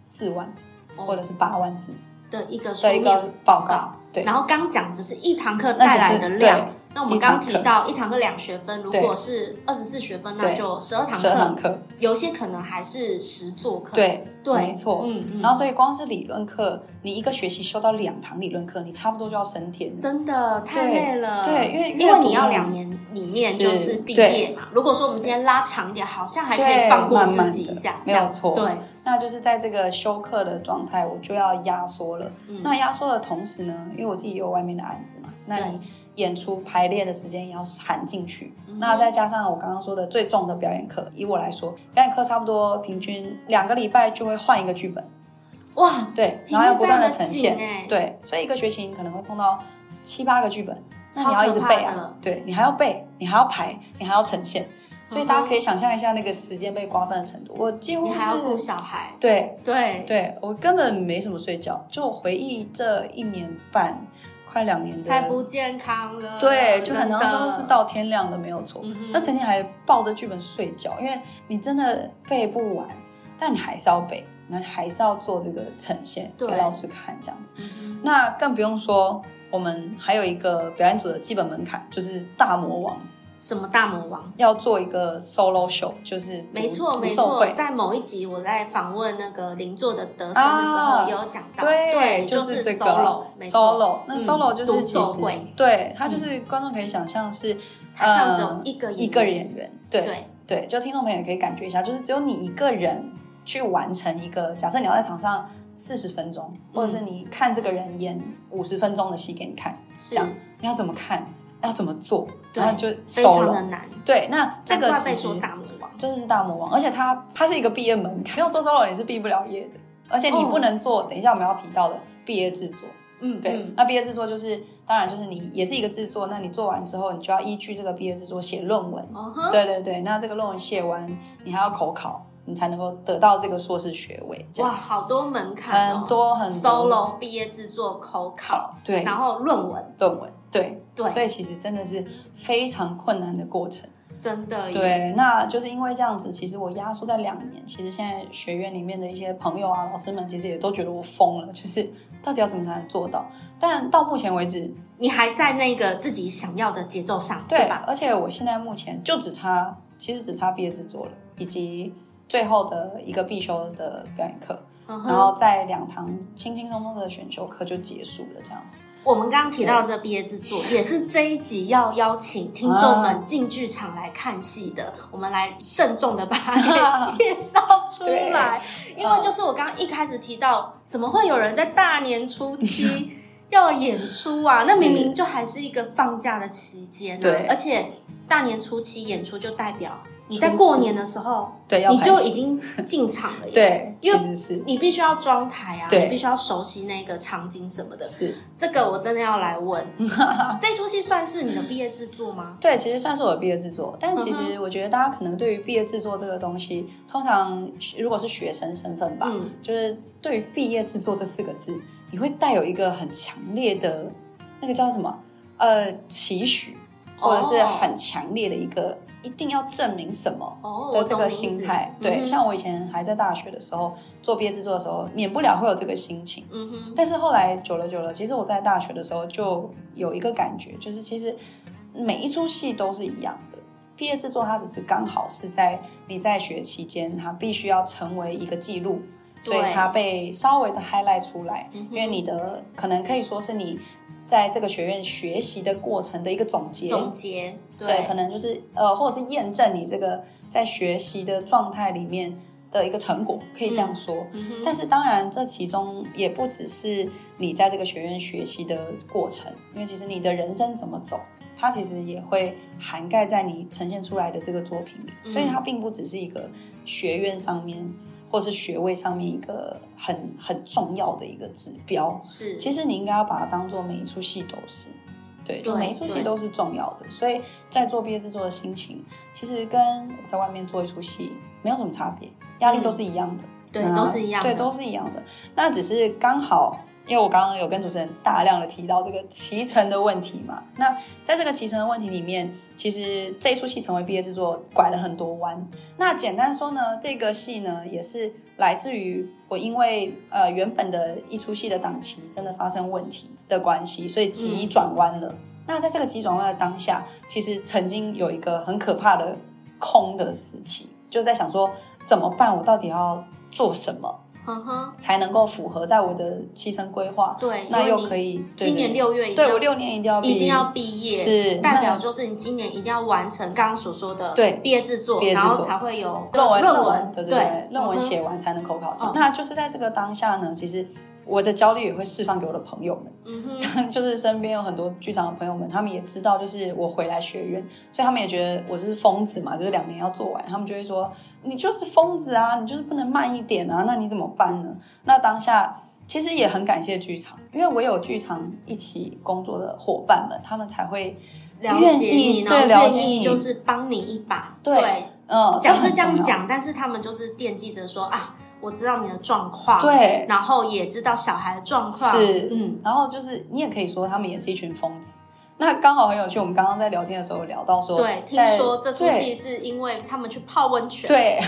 四萬或者是八萬字。嗯的一個書面個報告、啊，對。然後剛講只是一堂課帶來的量，那，那我們剛提到一堂課兩學分，如果是二十四學分，那就十二堂課。有些可能還是實作課，對對，沒錯、嗯嗯。嗯，然後所以光是理論課、嗯，你一個學期修到兩堂理論課，你差不多就要升天，真的太累了。對，對因為因為你要兩年裡面就是畢業嘛。如果說我們今天拉長一點，好像還可以放過自己一下，慢慢沒有錯，對。那就是在這個休課的狀態，我就要壓縮了。嗯、那壓縮的同時呢，因為我自己也有外面的案子嘛，那你演出排練的時間也要含進去、嗯。那再加上我剛剛說的最重的表演課，以我來說，表演課差不多平均兩個禮拜就會換一個劇本。哇，對，然後要不斷的呈現、欸，對，所以一個學期你可能會碰到七八個劇本，那你，你要一直背啊，對，你還要背，你還要排，你還要呈現。所以大家可以想象一下那個時間被瓜分的程度，我幾乎你還要顧小孩，對對對，我根本沒什麼睡覺。就我回憶這一年半、嗯、快兩年的，太不健康了。對，就很多時候都是到天亮的，嗯、沒有錯、嗯。那曾經還抱着劇本睡覺，因為你真的背不完，但你還是要背，那還是要做這個呈現給老師看，這樣子、嗯。那更不用說，我們還有一個表演組的基本門檻，就是大魔王。嗯什麼大魔王要做一個 solo show，就是沒錯沒錯，在某一集我在訪問那個鄰座的德森的時候、啊、有講到，對，對就是 solo 就是、這個、solo、嗯、那 solo 就是獨奏會，對他就是觀眾可以想象是，他、嗯嗯嗯、像這種一個、嗯、一個演員，對對，對，就聽眾朋友可以感覺一下，就是只有你一個人去完成一個，假設你要在場上四十分鐘、嗯，或者是你看這個人演五十分鐘的戲給你看，嗯、是你要怎麼看？要怎麼做？然後就非常的難。對，那這個其實大魔王真的、就是大魔王，而且他他是一個畢業門檻，沒有做 solo 也是畢不了業的。而且你不能做，哦、等一下我們要提到的畢業制作。嗯，對。嗯、那畢業制作就是，當然就是你也是一個制作，那你做完之後，你就要依據這個畢業制作寫論文、uh -huh。對對對。那這個論文寫完，你還要口考，你才能夠得到這個碩士學位。哇，好多門檻、哦，很多很多 solo 畢業制作口考，對，然後論文，論文，對。對，所以其實真的是非常困難的過程，真的。對，那就是因為這樣子，其實我壓縮在兩年，其實現在學院裡面的一些朋友啊、老師們，其實也都覺得我瘋了，就是到底要怎麼才能做到？但到目前為止，你還在那個自己想要的節奏上對，對吧？而且我現在目前就只差，其實只差畢業制作了，以及最後的一個必修的表演課，Uh-huh. 然後在兩堂輕輕鬆鬆的選修課就結束了，這樣子。我們剛剛提到的這個畢業制作，也是這一集要邀請聽眾們進劇場來看戲的。嗯、我們來慎重的把它給介紹出來、嗯嗯，因為就是我剛剛一開始提到，怎麼會有人在大年初七要演出啊？那明明就還是一個放假的期間、啊，對，而且大年初七演出就代表。你在過年的時候，對，你就已經進場了， (laughs) 對，因為你必須要裝臺啊，你必須要熟悉那個場景什麼的，是這個我真的要來問， (laughs) 這出戲算是你的畢業制作嗎？對，其實算是我的畢業制作，但其實我覺得大家可能對於畢業制作這個東西、嗯，通常如果是學生身份吧、嗯，就是對於畢業制作這四個字，你會帶有一個很強烈的那個叫什麼呃期許，或者是很強烈的一個。哦一定要證明什麼的這個心態，oh, 我我 mm -hmm. 對，像我以前還在大學的時候做畢業制作的時候，免不了會有這個心情。嗯哼，但是後來久了久了，其實我在大學的時候就有一個感覺，就是其實每一出戲都是一樣的，畢業制作它只是剛好是在你在學期間，它必須要成為一個記錄，所以它被稍微的 highlight 出來，mm -hmm. 因為你的可能可以說是你。在這個學院學習的過程的一個總結，總結對，對，可能就是呃，或者是驗證你這個在學習的狀態裡面的一個成果，可以這樣說。嗯，嗯哼。但是當然，這其中也不只是你在這個學院學習的過程，因為其實你的人生怎麼走，它其實也會涵蓋在你呈現出來的這個作品裡。嗯，所以它並不只是一個學院上面。或是學位上面一個很很重要的一個指標，是其實你應該要把它當做每一齣戲都是對，對，就每一齣戲都是重要的，所以在做畢業製作的心情，其實跟我在外面做一齣戲沒有什麼差別，壓力都是一樣的，嗯啊，對，都是一樣的，對，都是一樣的，那只是剛好。因為我剛剛有跟主持人，大量的提到這個期程的問題嘛，那在這個期程的問題裡面，其實這一出戲成為畢業制作拐了很多彎。那簡單說呢，這個戲呢也是來自於我因為呃原本的一出戲的檔期真的發生問題的關係，所以急轉彎了。嗯。那在這個急轉彎的當下，其實曾經有一個很可怕的空的時期，就在想說怎麼辦？我到底要做什麼？嗯哼，才能夠符合在我的期程規劃。對，那又可以今年六月一定要，對，對，一定要對我六年一定要一定要畢業，是代表就是你今年一定要完成剛剛所說的畢對畢業制作，然後才會有論文論文，對對對，對，對、嗯，論文寫完才能口考考證、嗯。那就是在這個當下呢，其實。我的焦慮也會釋放給我的朋友們，嗯哼 (laughs) 就是身邊有很多劇場的朋友們，他們也知道，就是我回來學院，所以他們也覺得我就是瘋子嘛，就是兩年要做完，他們就會說你就是瘋子啊，你就是不能慢一點啊，那你怎麼辦呢？那當下其實也很感謝劇場，因為我有劇場一起工作的伙伴們，他們才會願意對願意就是幫你一把，對。對嗯，講是這樣講，但是他們就是惦記着說啊，我知道你的狀況，對，然後也知道小孩的狀況，是。嗯，然後就是你也可以說他們也是一群瘋子。那剛好很有趣，我們剛剛在聊天的時候有聊到說，對，聽說這出戲是因為他們去泡溫泉，對，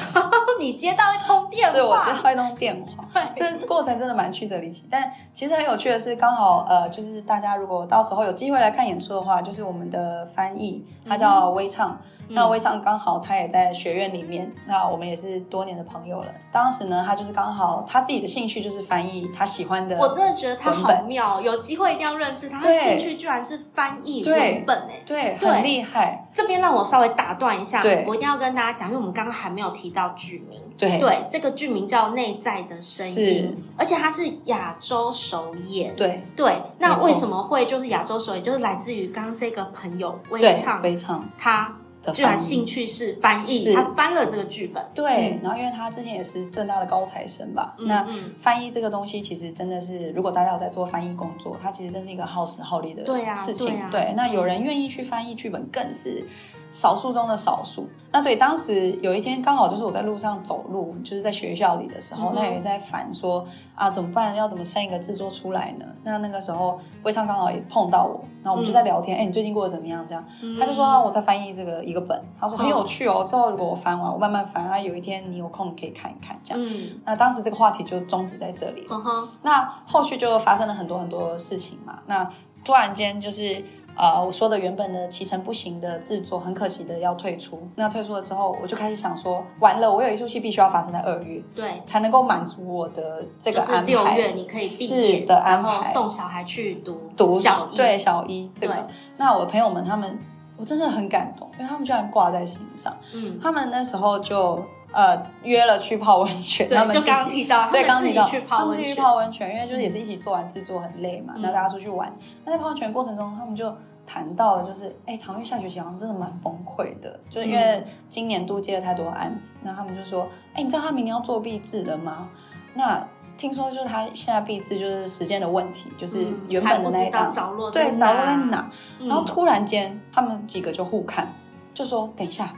你接到一通電話，對，我接到一通電話，這過程真的蠻曲折離奇。但其實很有趣的是剛，剛好呃，就是大家如果到時候有機會來看演出的話，就是我們的翻譯，他叫微唱。嗯那微唱剛好他也在學院裡面、嗯，那我們也是多年的朋友了。當時呢，他就是剛好他自己的興趣就是翻譯他喜歡的。我真的覺得他好妙，有機會一定要認識他。他的興趣居然是翻譯文本誒、欸，對，很厲害。這邊讓我稍微打斷一下，我一定要跟大家講，因為我們剛剛還沒有提到劇名對。對，這個劇名叫《內在的聲音》是，而且它是亞洲首演。對對，對，那為什麼會就是亞洲首演？就是來自於剛剛這個朋友微唱，微唱他。興趣是翻譯，他翻了這個劇本。對、嗯，然後因為他之前也是政大的高材生吧，嗯嗯，那翻譯這個東西其實真的是，如果大家有在做翻譯工作，它其實真是一個耗時耗力的事情。對啊，對啊，對，那有人願意去翻譯劇本更是少數中的少數，那所以當時有一天剛好就是我在路上走路，就是在學校裡的時候，那、嗯、也在煩說啊怎麼辦，要怎麼生一個制作出來呢？那那個時候魏昌剛好也碰到我，然後我們就在聊天，哎、嗯欸，你最近過得怎麼樣？這樣，嗯、他就說我在翻譯這個一個本，他說很有趣哦，之、哦、後如果我翻完，我慢慢翻，啊，有一天你有空你可以看一看，這樣。嗯，那當時這個話題就終止在這裡、嗯。那後續就發生了很多很多事情嘛。那突然間就是。啊、uh，我說的原本的臍橙不行的製作，很可惜的要退出。那退出了之後，我就開始想說，完了，我有一出戲必須要發生在二月，對，才能夠滿足我的這個安排。六，就是，月你可以畢業，是的安排，然後送小孩去讀、讀小，對，小一，這個，對。那我的朋友們，他們我真的很感動，因為他們居然掛在心上。嗯，他們那時候就。呃，約了去泡溫泉、泉，他們就剛提到，對，剛提到他們去泡溫泉，因為就是也是一起做完製作很累嘛，然、嗯、後大家出去玩。那在泡溫泉過程中，他們就談到了，就是哎、欸，唐聿下學期好像真的蠻崩潰的，就是因為今年度接了太多案子。那、嗯、他們就說，哎、欸，你知道他明年要做畢製了嗎？那聽說就是他現在畢製就是時間的問題，就是原本的那個着、嗯、落在哪、著落著哪、嗯？然後突然間，他們幾個就互看，就說等一下。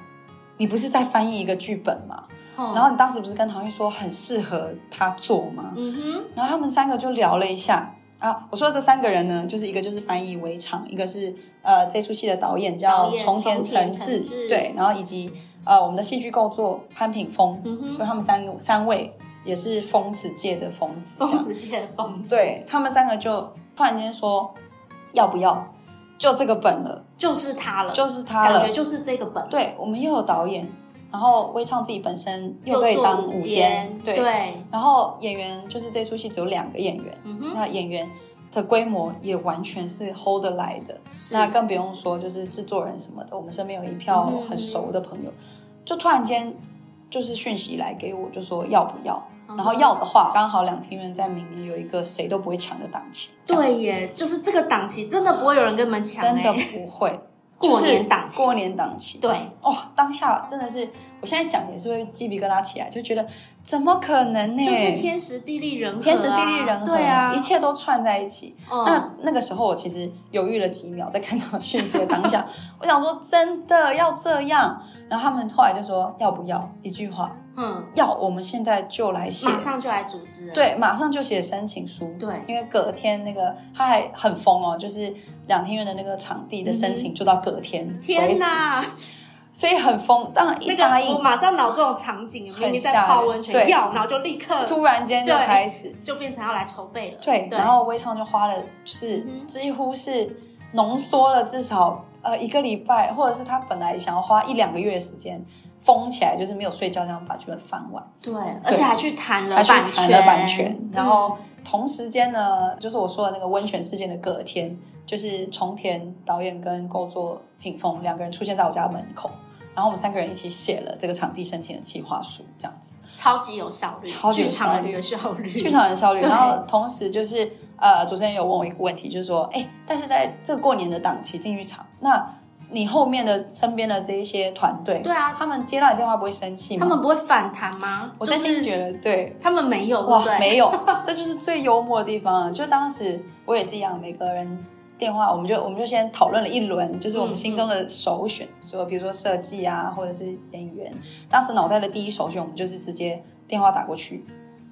你不是在翻譯一個劇本嗎、嗯？然後你當時不是跟唐聿說很適合他做嗎、嗯？然後他們三個就聊了一下啊，我說這三個人呢，就是一個就是翻譯圍場，一個是呃這出戲的導演叫導演重田誠志，對，然後以及呃我們的戲劇構作潘品峰，就、嗯、他們三個三位也是瘋子界的瘋子，瘋子界的瘋子，對他們三個就突然間說要不要？就這個本了，就是他了，就是他了，感覺就是這個本。對，我們又有導演，然後微唱自己本身又可以當舞監，對。然後演員就是這齣戲只有兩個演員、嗯，那演員的規模也完全是 hold 得來的，是，那更不用說就是製作人什麼的。我們身邊有一票很熟的朋友，嗯、就突然間就是訊息來給我，就說要不要。然後要的話，剛好兩廳院在明年有一個誰都不會搶的檔期。對耶，就是這個檔期真的不會有人跟你們搶，欸，真的不會。就是，過年檔期，過年檔期。對，哇，哦，當下真的是，我現在講也是會雞皮疙瘩起來，就覺得怎麼可能呢？欸，就是天時地利人和，啊，天時地利人和，對啊，一切都串在一起。嗯，那那個時候我其實猶豫了幾秒，在看到訊息的當下， (laughs) 我想說真的要這樣。然後他們後來就說要不要？一句話。嗯，要我們現在就來寫，馬上就來組織，對，馬上就寫申請書，對，因為隔天那個他還很瘋哦，就是兩廳院的那個場地的申請，就到隔天、嗯，天哪，所以很瘋。當然一答應，那個、我馬上腦這種場景，因為你在泡溫泉，要，然後就立刻突然間就開始，就變成要來籌備了對，對。然後微創就花了，就是、嗯、幾乎是濃縮了至少呃一個禮拜，或者是他本來想要花一兩個月的時間。封起來就是沒有睡覺這樣把劇本翻完對，對，而且還去談了版權，還去談了版權，嗯，然後同時間呢，就是我說的那個溫泉事件的隔天，就是重田導演跟構作品峰兩個人出現在我家門口，然後我們三個人一起寫了這個場地申請的企劃書，這樣子超級有效率，超級有效率，劇場人的效率，劇場人效率。然後同時就是呃，主持人有問我一個問題，就是說，哎，但是在這過年的檔期進劇場，那？你後面的身邊的這一些團隊，對啊，他們接到你電話不會生氣嗎？他們不會反彈嗎？我真心覺得，就是、對他們沒有，哇對沒有，這就是最幽默的地方了。 (laughs) 就當時我也是一樣，每個人電話，我們就我們就先討論了一輪，就是我們心中的首選，說、嗯嗯、比如說設計啊，或者是演員。當時腦袋的第一首選，我們就是直接電話打過去，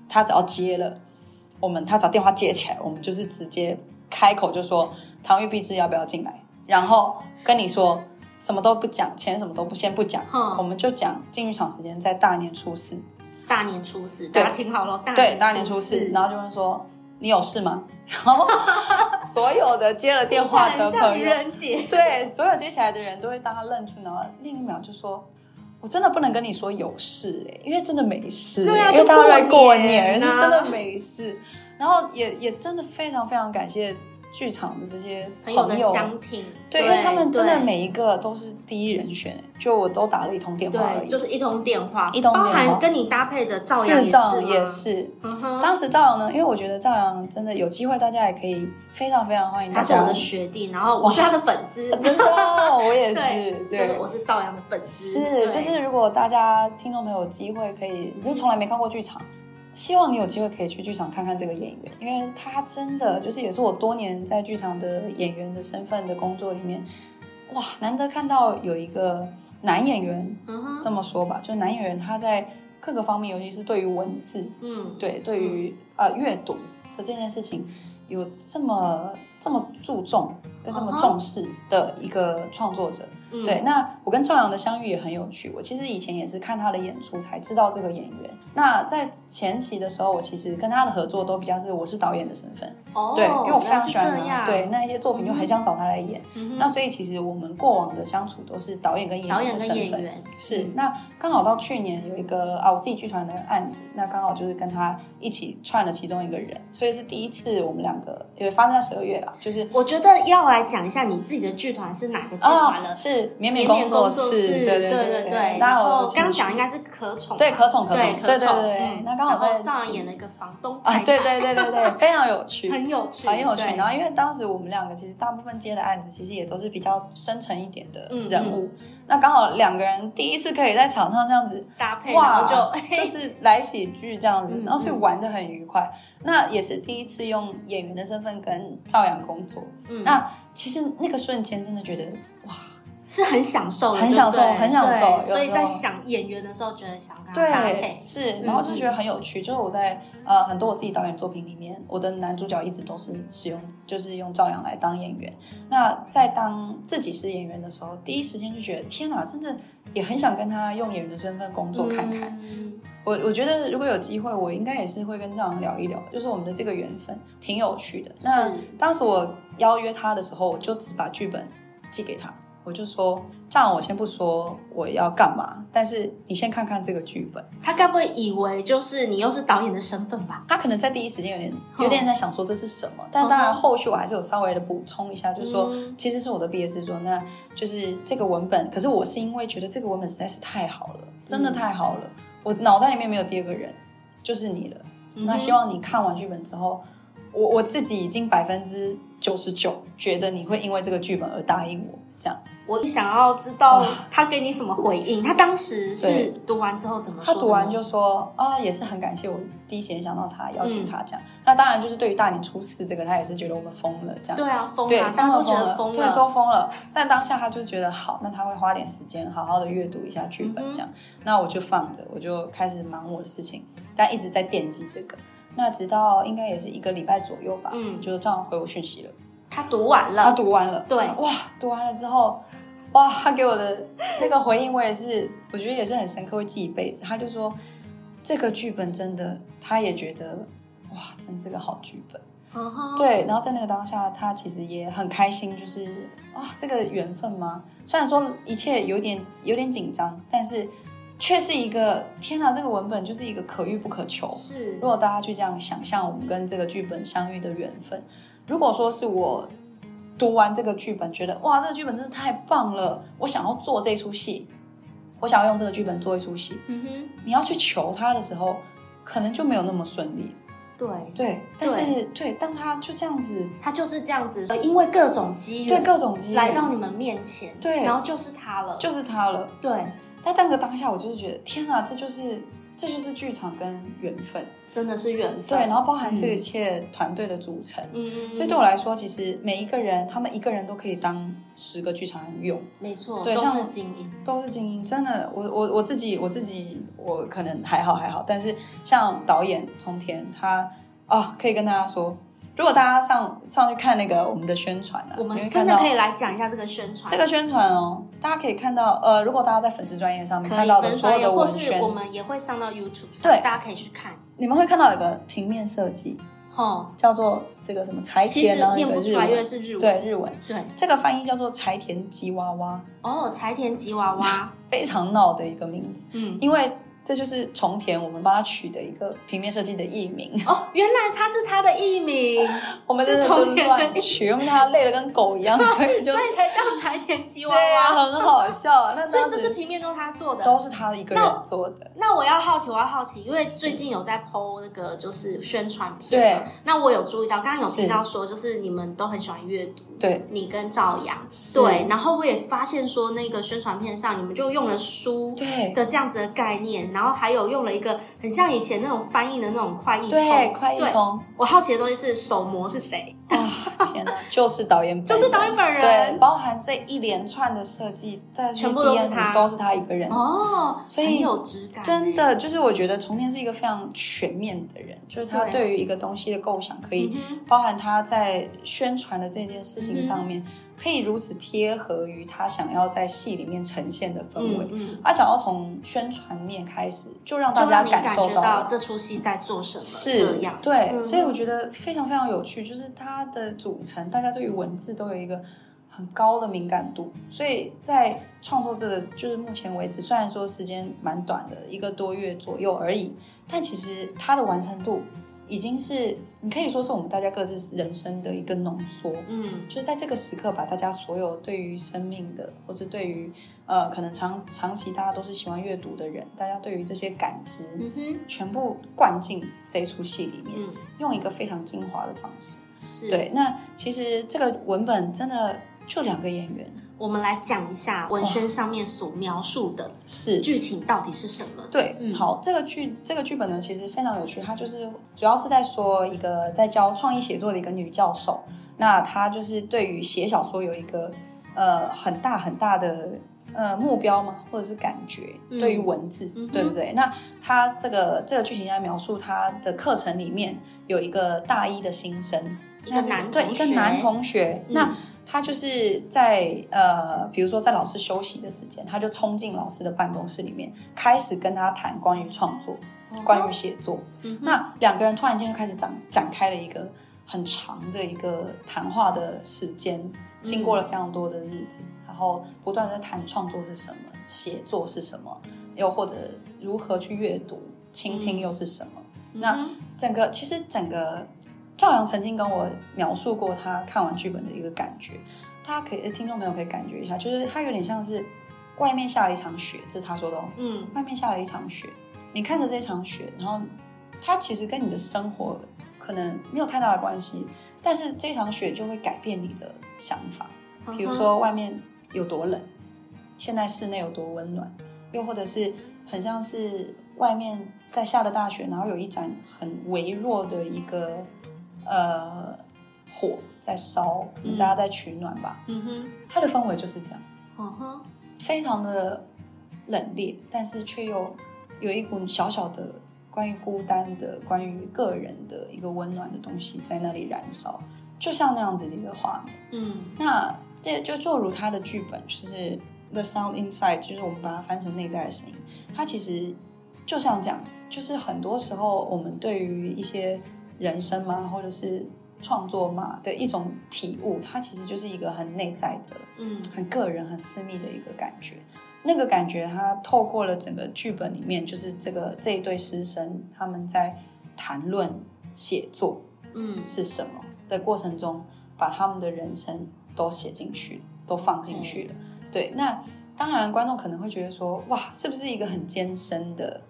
他只要接了，我們他只要電話接起來，我們就是直接開口就說：“唐聿碧芝要不要進來？”然後跟你說什麼都不講，錢什麼都不先不講，嗯、我們就講進劇場時間在大年初四。大年初四，對對對，大家聽好了，對，大年初四，然後就會說，你有事嗎？然後 (laughs) 所有的接了電話的朋友人，對，所有接起來的人都會當他愣住，然後另一秒就說，我真的不能跟你說有事哎、欸，因為真的沒事、欸就啊，因為大概然過年了，啊，真的沒事，然後也也真的非常非常感謝。劇場的這些朋友，朋友的相挺，對，對，因為他們真的每一個都是第一人選，就我都打了一通電話而已，就是一通電話，一通電話，包含跟你搭配的趙陽也，也是，也、嗯、是。當時趙陽呢，因為我覺得趙陽真的有機會，大家也可以非常非常歡迎他。是我的學弟，然後我是他的粉絲， (laughs) 真的哦，我也是，對對就是、我是趙陽的粉絲。是，就是如果大家聽眾沒有機會，可以，你就從來沒看過劇場。希望你有機會可以去劇場看看這個演員，因為他真的就是也是我多年在劇場的演員的身份的工作裡面，哇，難得看到有一個男演員，這麼說吧，就男演員他在各個方面，尤其是對於文字，嗯，對，對於啊閱讀的這件事情，有這麼。這麼注重，跟這麼重視的一個創作者、嗯，對。那我跟趙陽的相遇也很有趣。我其實以前也是看他的演出才知道這個演員。那在前期的時候，我其實跟他的合作都比較是我是導演的身份、哦，對，因為我非常喜歡，對那一些作品就很想找他來演、嗯。那所以其實我們過往的相處都是導演跟演員，的身份。是。嗯、那剛好到去年有一個啊我自己劇團的案子，那剛好就是跟他一起串了其中一個人，所以是第一次我們兩個因為發生在十二月，就是，我覺得要來講一下你自己的劇團是哪個劇團呢、哦？是綿綿，綿綿工作室，對對對，對，對，對，對。然後剛，剛講應該是可寵，對可寵可寵，對，對，對，對，對可寵對、嗯。那剛好在上演了一個房東台台、啊，對對對對對， (laughs) 非常有趣，很有趣，很有趣。然後因為當時我們兩個其實大部分接的案子，其實也都是比較深沉一點的人物。嗯嗯那剛好兩個人第一次可以在場上這樣子搭配，哇，就 (laughs) 就是來喜劇這樣子，然後所以玩得很愉快。嗯嗯。那也是第一次用演員的身份跟趙陽工作。嗯。那其實那個瞬間真的覺得，哇。是很享受的，很享受，很享受。所以，在想演員的時候，覺得想他對，啊是，然後就覺得很有趣。就是我在、嗯、呃很多我自己導演作品裡面，我的男主角一直都是使用，就是用趙陽來當演員。那在當自己是演員的時候，第一時間就覺得天哪，啊，真的也很想跟他用演員的身份工作看看。嗯、我我覺得如果有機會，我應該也是會跟趙陽聊一聊，就是我們的這個緣分挺有趣的。那當時我邀約他的時候，我就只把劇本寄給他。我就說，這樣，我先不說我要幹嘛，但是你先看看這個劇本。他該不會以為就是你又是導演的身份吧？他可能在第一時間有點有點在想說，這是什麼，但當然後續我還是有稍微的補充一下，就是說其實是我的畢業制作，那就是這個文本。可是我是因為覺得這個文本實在是太好了，真的太好了，我腦袋裡面沒有第二個人就是你了。那希望你看完劇本之後，我我自己已經百分之九十九覺得你會因為這個劇本而答應我。這樣，我想要知道他給你什麼回應。他當時是讀完之後怎麼說？他讀完就說啊，也是很感謝我第一時間想到他邀請他這樣。嗯、那當然就是對於大年初四這個，他也是覺得我們瘋了這樣、嗯。對啊，瘋了，大家都覺得瘋了，對，都瘋了。了 (laughs) 但當下他就覺得好，那他會花點時間好好的閱讀一下劇本這樣、嗯。那我就放着，我就開始忙我的事情，但一直在惦記這個。那直到應該也是一個禮拜左右吧，嗯，就這樣回我訊息了。他讀完了，他讀完了，對，哇，讀完了之後，哇，他給我的那個回應，我也是， (laughs) 我覺得也是很深刻，會記一輩子。他就說，這個劇本真的，他也覺得，哇，真是個好劇本。Uh-huh. 對，然後在那個當下，他其實也很開心，就是，啊，這個緣分嗎？雖然說一切有點有點緊張，但是卻是一個天啊，這個文本就是一個可遇不可求。是，如果大家去這樣想象，我們跟這個劇本相遇的緣分。如果說是我讀完這個劇本，覺得哇，這個劇本真是太棒了，我想要做這一出戲，我想要用這個劇本做一出戲。嗯哼，你要去求他的時候，可能就沒有那麼順利。對對，但是對，當他就這樣子，他就是這樣子，因為各種機遇對，對各種機遇來到你們面前，對，然後就是他了，就是他了。對，但那個當下，我就是覺得，天啊，這就是。這就是劇場跟緣分，真的是緣分。對，然後包含這一切團隊的組成，嗯嗯。所以對我來說，其實每一個人，他們一個人都可以當十個劇場人用。沒錯，對，像，都是精英，都是精英。真的，我我我自己我自己、嗯，我可能還好還好，但是像導演沖田，他啊，可以跟大家說。如果大家上上去看那個我們的宣傳呢、啊，我們真的可以來講一下這個宣傳、哦。這個宣傳哦，大家可以看到，呃，如果大家在粉絲專頁上面看到所有的粉專文宣，或是我們也會上到 YouTube 上，對，大家可以去看。你們會看到一個平面設計，吼、哦，叫做這個什麼柴田、啊、其實，念不出來，因為是日文，對日文，對這個翻譯叫做柴田吉娃娃。哦，柴田吉娃娃， (laughs) 非常鬧的一個名字，嗯，因為。這就是重田，我們幫他取的一個平面設計的藝名。哦，原來他是他的藝名， (laughs) 我們是從田取，因為他累得跟狗一樣， (laughs) 所以就 (laughs) 所以才叫柴田吉娃娃。對啊，很好笑。那 (laughs) 所以這是平面中他做的，都是他一個人做的那。那我要好奇，我要好奇，因為最近有在 PO 那個就是宣傳片，對。那我有注意到，剛剛有聽到說，就是你們都很喜歡閱讀。對，你跟趙陽對，然後我也發現說，那個宣傳片上你們就用了書，對。的這樣子的概念，然後還有用了一個很像以前那種翻譯的那種快譯，對，快譯通對。我好奇的東西是手模是誰？啊、哦， (laughs) 天哪！就是導演，就是導演本人，就是、本人對，包含這一連串的設計，在、MDM、全部都是他，都是他一個人哦。所以很有質感、欸，真的，就是我覺得從前是一個非常全面的人，就是他對於一個東西的構想可以、啊嗯、包含他在宣傳的這件事情。嗯、上面可以如此貼合於他想要在戲裡面呈現的氛圍，而、嗯嗯、想要從宣傳面開始就讓大家感受到，感到這出戲在做什麼，是這樣，對、嗯，所以我覺得非常非常有趣，就是它的組成，大家對於文字都有一個很高的敏感度，所以在創作這個就是目前為止，雖然說時間蠻短的，一個多月左右而已，但其實它的完成度，已經是你可以說是我們大家各自人生的一個濃縮，嗯，就是在這個時刻把大家所有對於生命的，或是對於呃可能長長期大家都是喜歡閱讀的人，大家對於這些感知，嗯哼，全部灌進這一出戲裡面，嗯，用一個非常精華的方式，是對。那其實這個文本真的就兩個演員。我們來講一下文宣上面所描述的是劇情到底是什麼？對，好，這個劇這個劇本呢，其實非常有趣，它就是主要是在說一個在教創意寫作的一個女教授，那她就是對於寫小說有一個呃很大很大的呃目標嘛，或者是感覺、嗯、對於文字，嗯、對不對，對？那她這個這個劇情在描述她的課程裡面有一個大一的新生，一個男對一個男同學，那，男同學、嗯、那。他就是在呃，比如說在老師休息的時間，他就衝進老師的辦公室裡面，開始跟他談關於創作，uh -huh. 關於寫作。Uh -huh. 那兩個人突然間就開始展展開了一個很長的一個談話的時間，經過了非常多的日子，uh -huh. 然後不斷地在談創作是什麼，寫作是什麼，又或者如何去閱讀、傾聽又是什麼。Uh -huh. 那整個其實整個。趙陽曾經跟我描述過他看完劇本的一個感覺，大家可以聽眾朋友可以感覺一下，就是他有點像是外面下了一場雪，這是他說的，哦，嗯，外面下了一場雪，你看着這場雪，然後它其實跟你的生活可能沒有太大的關係，但是這場雪就會改變你的想法，嗯，比如說外面有多冷，現在室內有多溫暖，又或者是很像是外面在下了大雪，然後有一盞很微弱的一個。呃，火在燒，大家在取暖吧。嗯哼，它的氛圍就是這樣。嗯哼，非常的冷冽，但是卻又有一股小小的關於孤單的、關於個人的一個溫暖的東西在那裡燃燒，就像那樣子的一個畫面。嗯，那這就，就就如他的劇本，就是《The Sound Inside》，就是我們把它翻成內在的聲音。它其實就像這樣子，就是很多時候我們對於一些。人生嘛，或者是創作嘛，的一種體悟，它其實就是一個很內在的，嗯，很個人、很私密的一個感覺。那個感覺，它透過了整個劇本裡面，就是這個這一對師生他們在談論寫作，嗯，是什麼的過程中，把他們的人生都寫進去，都放進去了。對，那當然觀眾可能會覺得說，哇，是不是一個很艱深的？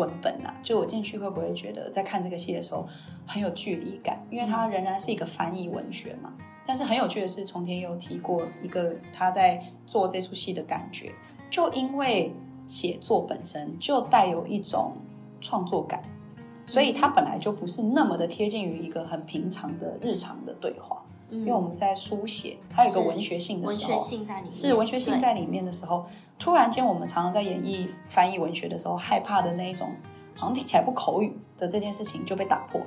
文本啊，就我進去會不會覺得在看這個戲的時候很有距離感？因為它仍然是一個翻譯文學嘛。但是很有趣的是，從天有提過一個他在做這出戲的感覺，就因為寫作本身就帶有一種創作感，所以它本來就不是那麼的貼近於一個很平常的日常的對話。因為我們在書寫，還有一個文學性的時候，是，文學性在裡面，是文學性在裡面的時候。突然間，我們常常在演繹翻譯文學的時候害怕的那一種，好像聽起來不口語的這件事情就被打破了。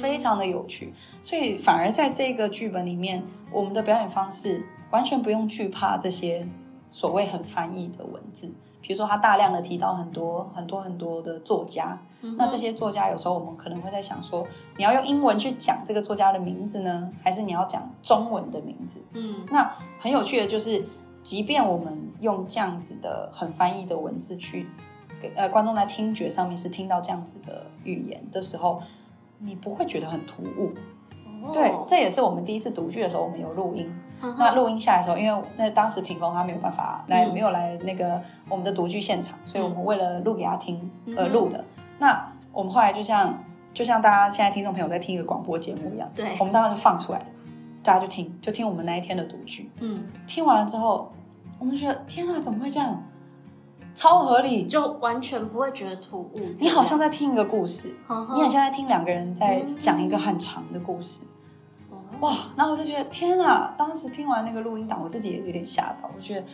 非常的有趣，所以反而在這個劇本裡面，我們的表演方式完全不用懼怕這些所謂很翻譯的文字。比如說，他大量的提到很多很多很多的作家，那這些作家有時候我們可能會在想說，你要用英文去講這個作家的名字呢，還是你要講中文的名字？嗯，那很有趣的就是。即便我們用這樣子的很翻譯的文字去給呃觀眾在聽覺上面是聽到這樣子的語言的時候，你不會覺得很突兀、哦。對，這也是我們第一次讀劇的時候，我們有錄音、哦。那錄音下來的時候，因為那當時屏風他沒有辦法來，嗯、沒有來那個我們的讀劇現場，所以我們為了錄給他聽而錄的。嗯、那我們後來就像就像大家現在聽眾朋友在聽一個廣播節目一樣，對，我們當時就放出來。大家就聽，就聽我們那一天的讀劇。嗯，聽完了之後，我們覺得天啊，怎麼會這樣？超合理，就完全不會覺得突兀。你好像在聽一個故事，嗯、你好像在聽兩個人在講一個很長的故事。嗯、哇！然後我就覺得天啊，當時聽完那個錄音檔，我自己也有點嚇到，我覺得。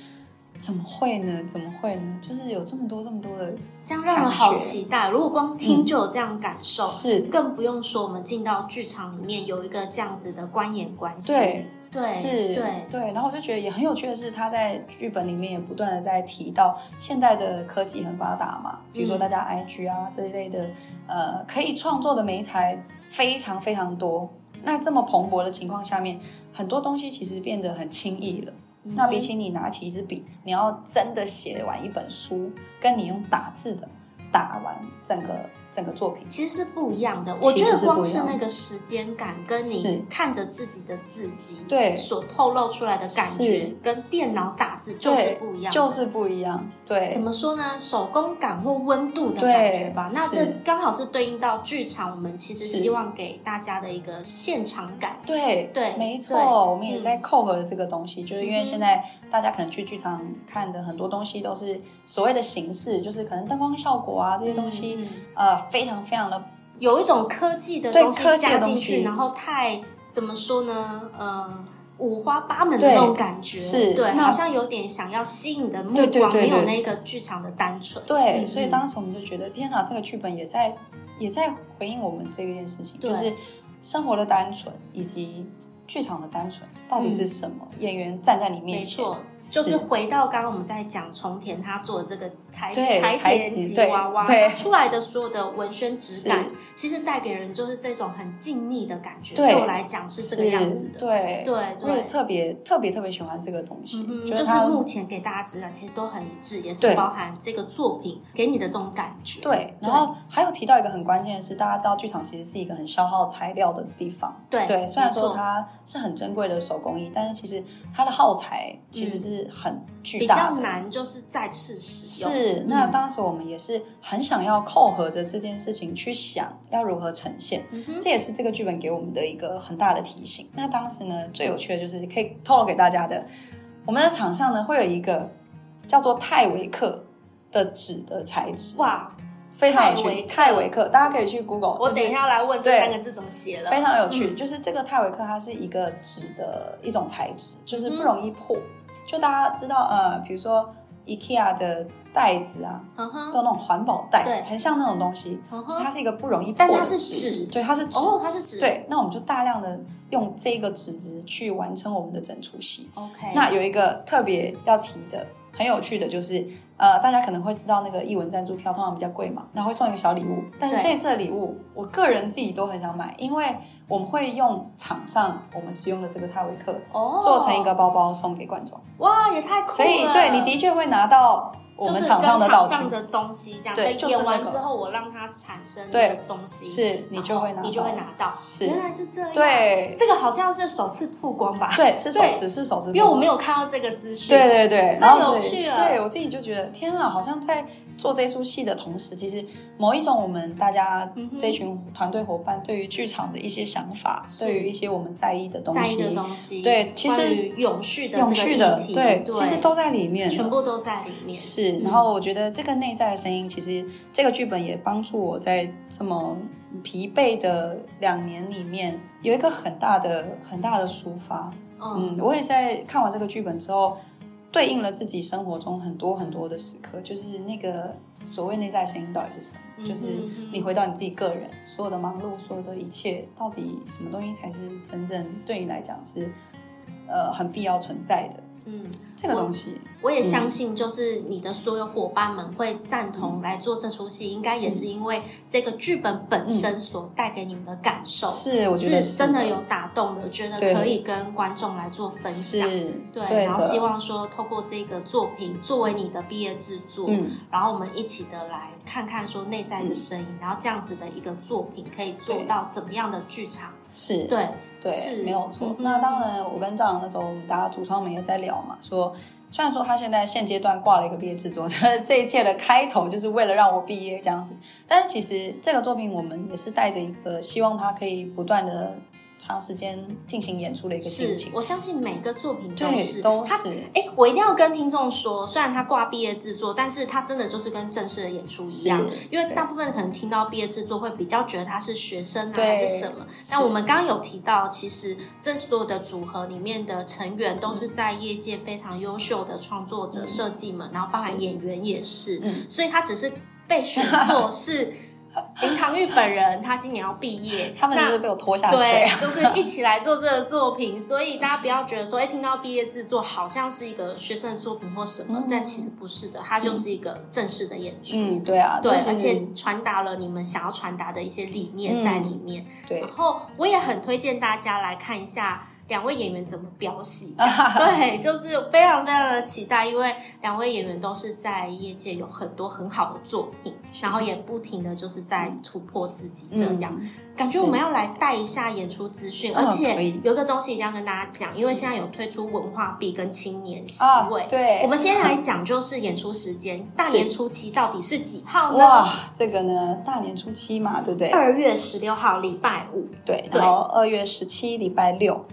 怎麼會呢？怎麼會呢？就是有這麼多這麼多的，這樣讓我好期待。如果光聽就有這樣的感受，嗯、是更不用說我們進到劇場裡面有一個這樣子的觀演關係。對對是，對對。然後我就覺得也很有趣的是，他在劇本裡面也不斷的在提到，現在的科技很發達嘛，比如說大家 IG 啊這一類的，嗯、呃，可以創作的媒材非常非常多。那這麼蓬勃的情況下面，很多東西其實變得很輕易了。那比起你拿起一支筆，你要真的寫完一本書，跟你用打字的打完整個。整個作品其實是不一樣的，我覺得光是那個時間感跟你看着自己的字跡，對，所透露出來的感覺跟電腦打字就是不一樣，就是不一樣。對，怎麼說呢？手工感或溫度的感覺吧。那這剛好是對應到劇場，我們其實希望給大家的一個現場感。對對，沒錯，我們也在扣合了這個東西、嗯，就是因為現在大家可能去劇場看的很多東西都是所謂的形式，就是可能燈光效果啊這些東西，嗯嗯呃。非常非常的有一種科技的東西加進去，然後太怎麼說呢？嗯，五花八門的那種感覺，對，是，對，好像有點想要吸引你的目光，對對對對對，沒有那個劇場的單純。對、嗯，所以當時我們就覺得，天哪，這個劇本也在也在回應我們這件事情對，就是生活的單純以及劇場的單純到底是什麼？嗯、演員站在裡面沒錯。就是回到剛剛我們在講從田他做的這個柴彩田吉娃娃，對對，出來的所有的文宣質感，其實帶給人就是這種很靜謐的感覺。對，對我來講是這個樣子的，對對，對，我也特別特別特別喜歡這個東西嗯嗯、就是。就是目前給大家質感其實都很一致，也是包含這個作品給你的這種感覺，對。對，然後還有提到一個很關鍵的是，大家知道劇場其實是一個很消耗材料的地方。對對，對，雖然說它是很珍貴的手工藝，但是其實它的耗材其實是、嗯。是很巨大的，比較難，就是再次使用。是，那當時我們也是很想要扣合着這件事情去想要如何呈現，嗯、這也是這個劇本給我們的一個很大的提醒。那當時呢，最有趣的就是可以透露給大家的，我們的場上呢會有一個叫做泰維克的紙的材質，哇，非常有趣。泰維克，泰維克，大家可以去 Google、就是。我等一下要來問這三個字怎麼寫的，非常有趣。嗯、就是這個泰維克，它是一個紙的一種材質，就是不容易破。嗯就大家知道，呃，比如說 IKEA 的袋子啊，uh -huh. 都那種環保袋，對，很像那種東西。Uh -huh. 它是一個不容易破的紙，但是它是紙，對，它是紙，哦，它是紙，對。那我們就大量的用這個紙紙去完成我們的整出戲。OK。那有一個特別要提的，很有趣的，就是呃，大家可能會知道，那個藝文贊助票通常比較貴嘛，那會送一個小禮物。但是這次的禮物，我個人自己都很想買，因為。我們會用場上我們使用的這個泰維克，哦、oh，做成一個包包送給觀眾。哇，也太酷了！所以，對，你的確會拿到我們，就是場上的東西這樣。對，演、就是這個、完之後，我讓它產生的東西，對是你就會你就會拿到，會拿到是。原來是這樣，對，這個好像是首次曝光吧？對，是首次，只是首次曝光，因為我沒有看到這個資訊。對對對，太有趣了！對我自己就覺得，天啊，好像在。做這齣戲的同時，其實某一種我們大家這群團隊夥伴對於劇場的一些想法，對於一些我們在意的東西，在意的東西，對，其實永續的，永續的對對，對，其實都在裡面，全部都在裡面。是，然後我覺得這個內在的聲音，嗯，其實這個劇本也幫助我在這麼疲憊的兩年裡面有一個很大的很大的抒發，嗯。嗯，我也在看完這個劇本之後。對應了自己生活中很多很多的時刻，就是那個所謂內在的聲音到底是什麼？Mm -hmm. 就是你回到你自己個人所有的忙碌，所有的一切，到底什麼東西才是真正對你來講是，呃，很必要存在的？嗯，這個東西我，我也相信，就是你的所有夥伴們會贊同來做這齣戲，嗯，應該也是因為這個劇本本身所帶給你們的感受，是我覺得是的是真的有打動的，覺得可以跟觀眾來做分享，對，對對對，然後希望說透過這個作品作為你的畢業製作，嗯，然後我們一起的來看看說內在的聲音，嗯，然後這樣子的一個作品可以做到怎麼樣的劇場。是對對是沒有錯。嗯、那當然，我跟趙陽那時候，我們大家主創們也在聊嘛，說雖然說他現在現階段掛了一個畢業制作，但是這一切的開頭就是為了讓我畢業這樣子。但是其實這個作品，我們也是帶着一個希望，他可以不斷的。長時間進行演出的一個事情，我相信每個作品都是。都是。哎、欸，我一定要跟聽眾說，雖然他掛畢業制作，但是他真的就是跟正式的演出一樣。因為大部分可能聽到畢業制作會比較覺得他是學生啊還是什麼，但我們剛剛有提到，其實這所有的組合裡面的成員都是在業界非常優秀的創作者、設計們，然後包含演員也是，是，所以他只是被選作是。 (laughs) 林唐聿本人，他今年要畢業，他們就是被我拖下水，啊，對，就是一起來做這個作品， (laughs) 所以大家不要覺得說，哎，聽到畢業制作好像是一個學生的作品或什麼，嗯、但其實不是的，它就是一個正式的演出。嗯，嗯，對啊，對，而且傳達了你們想要傳達的一些理念在裡面，對，嗯，然後我也很推薦大家來看一下。兩位演員怎麼飆戲？ (laughs) 對，就是非常非常的期待，因為兩位演員都是在業界有很多很好的作品，是是然後也不停的就是在突破自己這樣、嗯。感覺我們要來帶一下演出資訊，而且有一個東西一定要跟大家講、嗯，因為現在有推出文化幣跟青年席位。啊、對，我們先來講，就是演出時間，大年初七到底是幾號呢？哇，這個呢，大年初七嘛，對不對？二、嗯、月十六號，禮拜五。對，對然後二月十七，禮拜六。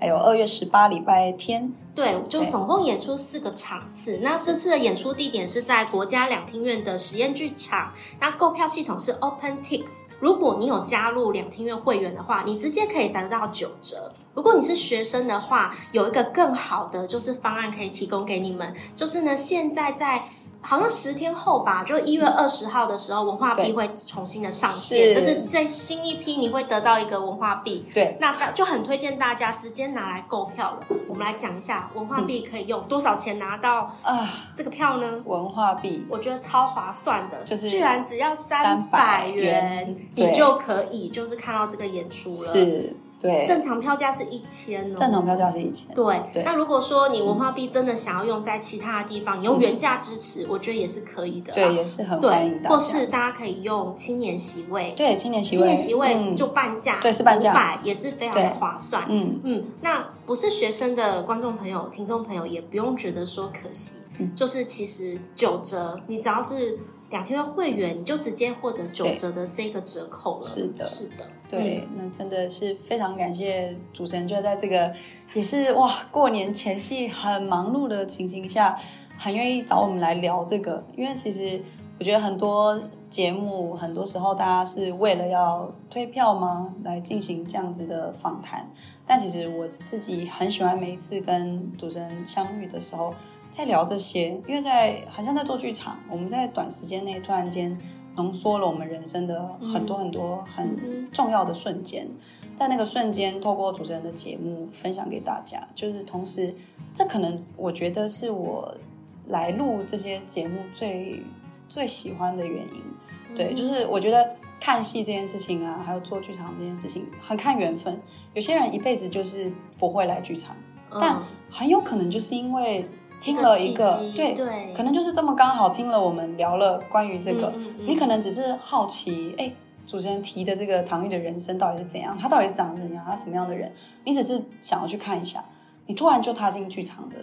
還有二月十八禮拜天，對，就總共演出四個場次。那這次的演出地點是在國家兩廳院的實驗劇場。那購票系統是 OpenTix，如果你有加入兩廳院會員的話，你直接可以達到九折。如果你是學生的話，有一個更好的就是方案可以提供給你們，就是呢，現在在好像十天後吧，就一月二十號的時候，文化幣會重新的上線，就是在新一批，你會得到一個文化幣。對，那就很推薦大家直接拿來購票了。我們來講一下文化幣可以用、嗯、多少錢拿到啊、呃，這個票呢？文化幣我覺得超划算的，就是居然只要三百元，三百元，你就可以就是看到這個演出了。是對，正常票價是一千哦。正常票價是一千。對，那如果說你文化幣真的想要用在其他的地方，嗯、你用原價支持、嗯，我覺得也是可以的。對，也是很歡迎的。或是大家可以用青年席位，對，青年席位，青年席位就半價，對、嗯，是半價，五百，也是非常的划算。嗯嗯，那不是學生的觀眾朋友、聽眾朋友也不用覺得說可惜，嗯、就是其實九折，你只要是。兩廳院會員，你就直接獲得九折的這個折扣了。是的，是的，對、嗯，那真的是非常感謝主持人，就在這個也是哇，過年前夕很忙碌的情形下，很願意找我們來聊這個。因為其實我覺得很多節目，很多時候大家是為了要推票嗎，來進行這樣子的訪談。但其實我自己很喜歡每一次跟主持人相遇的時候。在聊這些，因為在好像在做劇場，我們在短時間內突然間濃縮了我們人生的很多很多很重要的瞬間，嗯。但那個瞬間透過主持人的節目分享給大家，就是同時，這可能我覺得是我來錄這些節目最最喜歡的原因。對，嗯，就是我覺得看戲這件事情啊，還有做劇場這件事情，很看緣分。有些人一輩子就是不會來劇場，嗯，但很有可能就是因為。聽了一個對，對，可能就是這麼剛好聽了我們聊了關於這個，嗯嗯、你可能只是好奇，哎，主持人提的這個唐聿的人生到底是怎樣？他到底長得怎麼樣？他什麼樣的人？你只是想要去看一下，你突然就踏進劇場的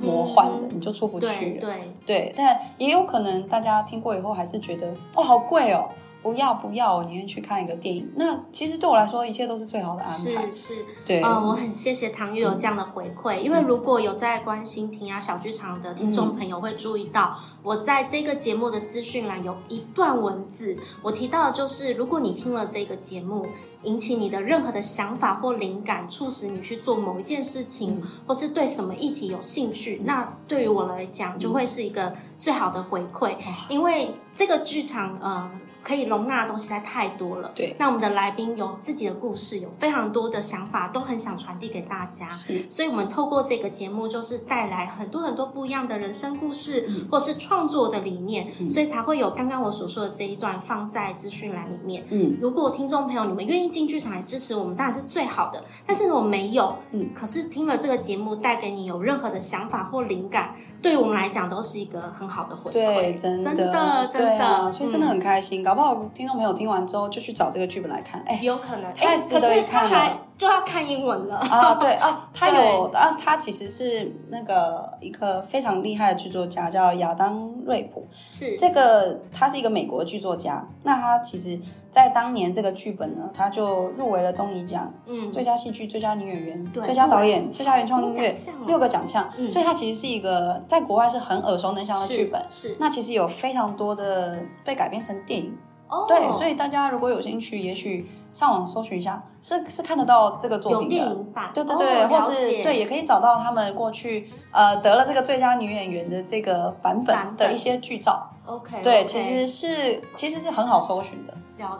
魔幻了，嗯、你就出不去了、嗯嗯對對。對，但也有可能大家聽過以後還是覺得，哦，好貴哦。不要不要，我寧願去看一個電影。那其實對我來說，一切都是最好的安排。是是，對，嗯、哦，我很謝謝唐聿有這樣的回饋、嗯。因為如果有在關心庭雅、啊、小劇場的聽眾朋友會注意到，嗯、我在這個節目的資訊欄有一段文字，我提到的就是，如果你聽了這個節目，引起你的任何的想法或靈感，促使你去做某一件事情，嗯、或是對什麼議題有興趣，嗯、那對於我來講，就會是一個最好的回饋、嗯。因為這個劇場，呃。可以容納的東西在太多了。對，那我們的來賓有自己的故事，有非常多的想法，都很想傳遞給大家。是，所以我們透過這個節目，就是帶來很多很多不一樣的人生故事，嗯、或者是創作的理念、嗯，所以才會有剛剛我所說的這一段放在資訊欄裡面。嗯，如果聽眾朋友你們願意進劇場來支持我們，當然是最好的。但是如果沒有，嗯，可是聽了這個節目，帶給你有任何的想法或靈感，對我們來講、嗯、都是一個很好的回饋。對，真的，真的，真的啊、所以真的很開心。嗯高怕聽眾朋友聽完之後就去找這個劇本來看，哎、欸，有可能，哎、欸，可是他還，他還就要看英文了啊？對啊，他有啊，他其實是那個一個非常厲害的劇作家，叫亞當瑞普，是這個，他是一個美國劇作家，那他其實。在當年，這個劇本呢，他就入圍了東尼獎，嗯，最佳戲劇、最佳女演員、最佳導演、最佳原創音樂六個獎項、啊嗯，所以它其實是一個在國外是很耳熟能詳的劇本。是，是那其實有非常多的被改編成電影哦。對，所以大家如果有興趣，也許上網搜尋一下，是是看得到這個作品的。有電影版，對對對，哦、或是對，也可以找到他們過去呃得了這個最佳女演員的這個版本的一些劇照。OK，對，okay, 其實是 okay, 其實是很好搜尋的。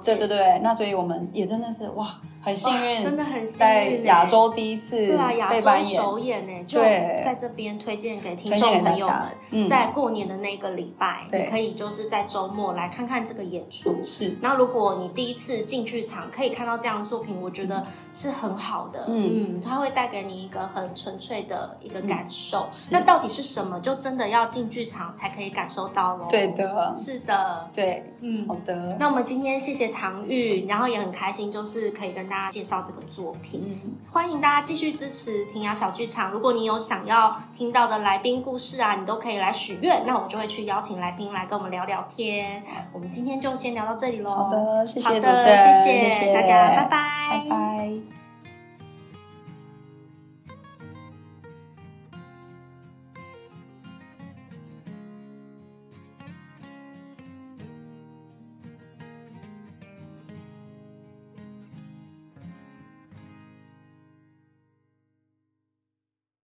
對對對，那所以我們也真的是哇，很幸運，真的很幸運，欸。亞洲第一次，對啊，亞洲首演哎，欸，就在這邊推薦給聽眾朋友們，在過年的那個禮拜，嗯，你可以就是在周末來看看這個演出。是，那如果你第一次進劇場可以看到這樣的作品，我覺得是很好的，嗯，嗯，它會帶給你一個很純粹的一個感受，嗯。那到底是什麼？就真的要進劇場才可以感受到了，對的，是的，對，嗯，好的。那我們今天。謝謝唐聿，然後也很開心，就是可以跟大家介紹這個作品。嗯、歡迎大家繼續支持庭雅小聚場。如果你有想要聽到的來賓故事啊，你都可以來許願，那我們就會去邀請來賓來跟我們聊聊天。我們今天就先聊到這裡嘍。好的，謝謝主持人，謝謝大家，拜拜，拜拜。